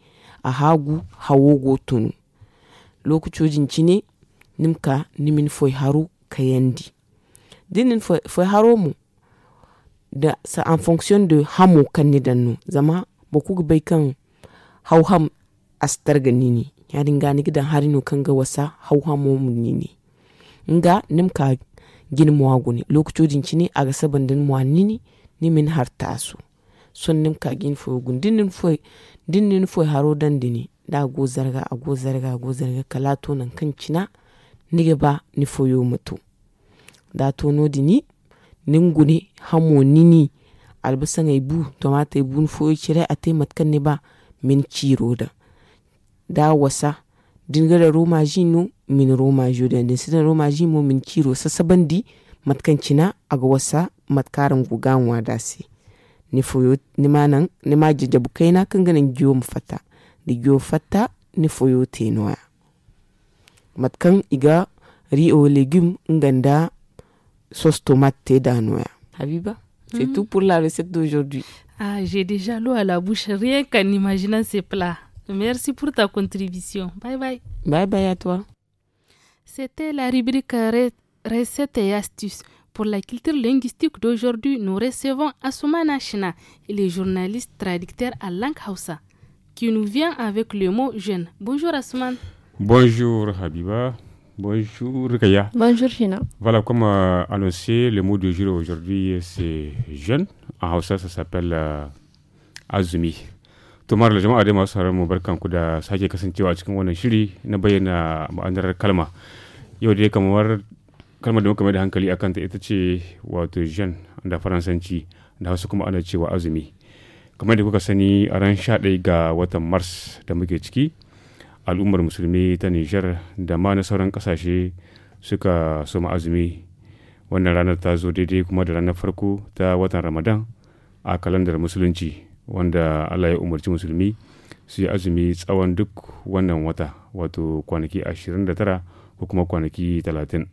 a hagu hawo go tunu ci ne nimka nimin foy haru kayandi dinin foy haro mu da sa en fonction de hamo kan ni dannu zama ba ku bai kan hau ham astar gani ne ya dinga ni gidan harinu kan ga wasa hau hamu mu ne nga nimka gin moa guni lokacojin cini aga saban din moa ni min har tasu sun nim ka gin foyo gun din din nin foy haro dan dini da go zarga a go zarga a go zarga kala to nan kan cina ga ba ni foyo mutu da to no dini nin guni hamo nini albasa ngai bu bu yi cire a te ne ba min ciro da da wasa gara roma jinu min roma judan din sidan roma jimo min kiro sasaban di matkancina aga wasa matkaran gugan da si ni foyo ni manan ni ma jajabu kan ganin giyo fata di giyo fata ni foyo tenoya matkan iga rio legume nganda sos tomate te danoya habiba c'est mm tout pour la recette d'aujourd'hui ah j'ai déjà l'eau à la bouche rien qu'en imaginant ces plats Merci pour ta contribution. Bye bye. Bye bye à toi. C'était la rubrique recettes et astuces. Pour la culture linguistique d'aujourd'hui, nous recevons Asuman Ashina il est journaliste traducteur à langue Hausa, qui nous vient avec le mot jeune. Bonjour Asuman. Bonjour Habiba. Bonjour Kaya. Bonjour China. Voilà, comme euh, annoncé, le mot de jour aujourd'hui c'est jeune. En Hausa, ça s'appelle euh, Azumi. tumar da jama'a dai masu sauraron mu ku da sake kasancewa cikin wannan shiri na bayyana ma'anar kalma yau dai kamar kalmar da muka mai da hankali akan ta ita ce wato jean da faransanci da wasu kuma ana cewa azumi kamar da kuka sani a ran 11 ga watan mars da muke ciki al'ummar musulmi ta nijar da ma na sauran kasashe suka soma azumi wannan ranar ta zo daidai kuma da ranar farko ta watan ramadan a kalandar musulunci wanda Allah ya umarci musulmi su yi azumi tsawon duk wannan wata wato kwanaki 29 ko kuma kwanaki 30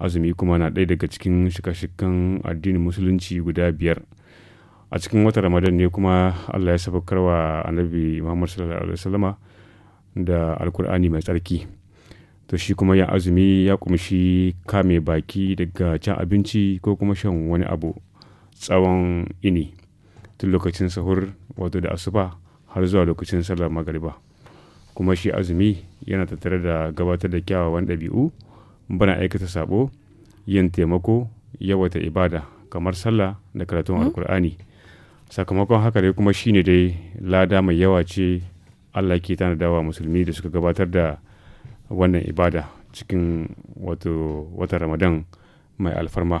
azumi kuma na ɗaya daga cikin shika-shikan addinin musulunci guda biyar a cikin wata ramadan ne kuma allah ya sabakarwa annabi muhammad sallallahu alaihi wasallama da alkur'ani mai tsarki to shi kuma ya azumi ya kumshi kame baki daga can abinci ko kuma shan wani abu tsawon ini tun lokacin sahur wato da asuba har zuwa lokacin sallar magariba kuma shi azumi yana tattare da gabatar da kyawawan ɗabi'u bana aikata sabo yin taimako yawata ibada kamar sallah da karatun mm-hmm. alkur'ani sakamakon haka dai kuma shine dai lada mai yawa ce allah ke tanadawa musulmi da suka gabatar da wannan ibada cikin wato watan ramadan mai alfarma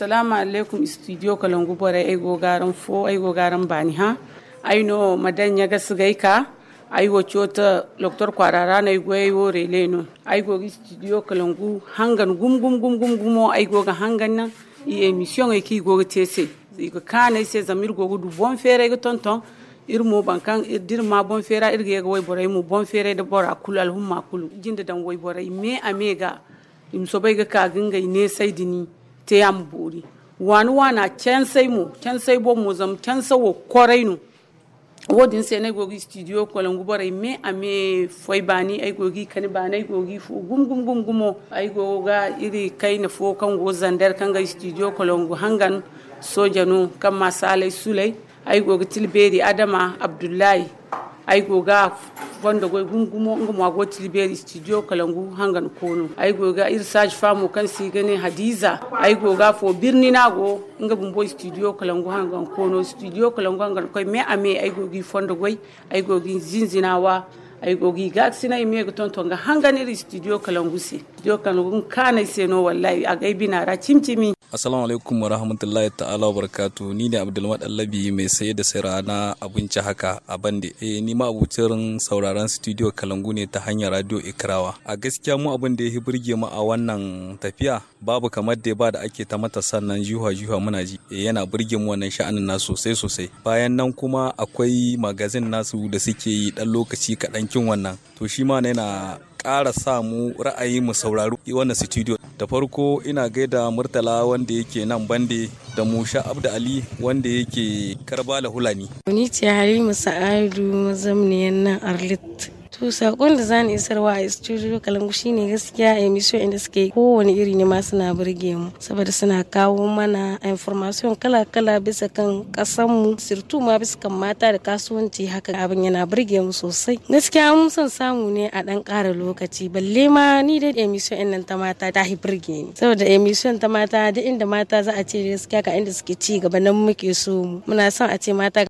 assalamu alaikum studio kalangu bore ay go garan fo ay go garan bani ha ay no madan yaga sigai ka ay go chota doktor kwarara na go ay wo rele no ay go studio kalangu hangan gum gum gum gum gumo ay go ga hangan na i emission ay ki go tese ko kana se zamir go du bon fere go tonton ir mo bankan ir dir ma bon fera ir ge go boy boray mu bon fere de bora kul al humma kul jinde dan go boray me amega im sobay ga ka ginga ne sai dini te yam buri wani wana chensei mu chensei bo mu zam chensei wo korai nu wodin sai na gogi studio kolon gubara me ame foi bani ai gogi kani bani ay gogi fu gum gum gum gumo ai goga iri kai na fo kan go zandar kan ga studio kolon gu hangan sojanu kan masalai sulai ai gogi tilberi adama abdullahi ay ga fondo go gungumo ngumo go tilberi studio kalangu hangan kono ay ga ir sage famo kan si gane hadiza ay ga fo birni na go nga bumbo studio kalangu hangan kono studio kalangu hangan koy me ame ay go gi fondo goi ay gi zinzinawa ay gogi ga sina i ton ton ga hanganiri studio kalangu se studio kalangu kana seno wallahi a gaibi na ra cimcimi assalamu alaikum wa rahmatullahi ta'ala wa barakatu ni ne abdulmad allabi mai saye da sayar na abinci haka a bande eh ni ma abucin sauraron studio kalangu ne ta hanyar radio ikrawa a gaskiya mu abin da ya burge mu a wannan tafiya babu kamar da ba da ake ta mata sannan juha juha muna ji eh, yana burge mu wannan sha'anin na sosai sosai bayan nan kuma akwai magazin nasu da suke yi dan lokaci kaɗan muhimmancin wannan to shi ma yana ƙara samu ra'ayi mu saurari wannan studio da farko ina gaida murtala wanda yake nan bande da musha abda ali wanda yake karbala hulani ni ce halima sa'adu mazamniyan nan arlit su saƙon da zani isarwa a studio kalangu shine gaskiya emission inda suke kowane iri ne ma suna burge mu saboda suna kawo mana information kala-kala bisa kan mu sirtu ma bisa kan mata da kasuwanci haka abin yana burge mu sosai gaskiya mun san samu ne a ɗan ƙara lokaci balle ma ni da emission ɗin nan ta mata ta hi burge ni saboda emission ta mata da inda mata za a ce gaskiya ka inda suke ci gaba nan muke so mu muna son a ce mata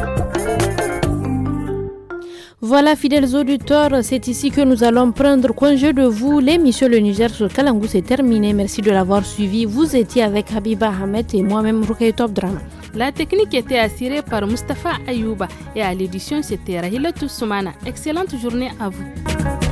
Voilà, fidèles auditeurs, c'est ici que nous allons prendre congé de vous. L'émission Le Niger sur Kalangou s'est terminée. Merci de l'avoir suivi. Vous étiez avec Habiba Ahmed et moi-même Rukai Top Drama. La technique était assurée par Mustafa Ayouba et à l'édition c'était Rahila Toussoumana. Excellente journée à vous.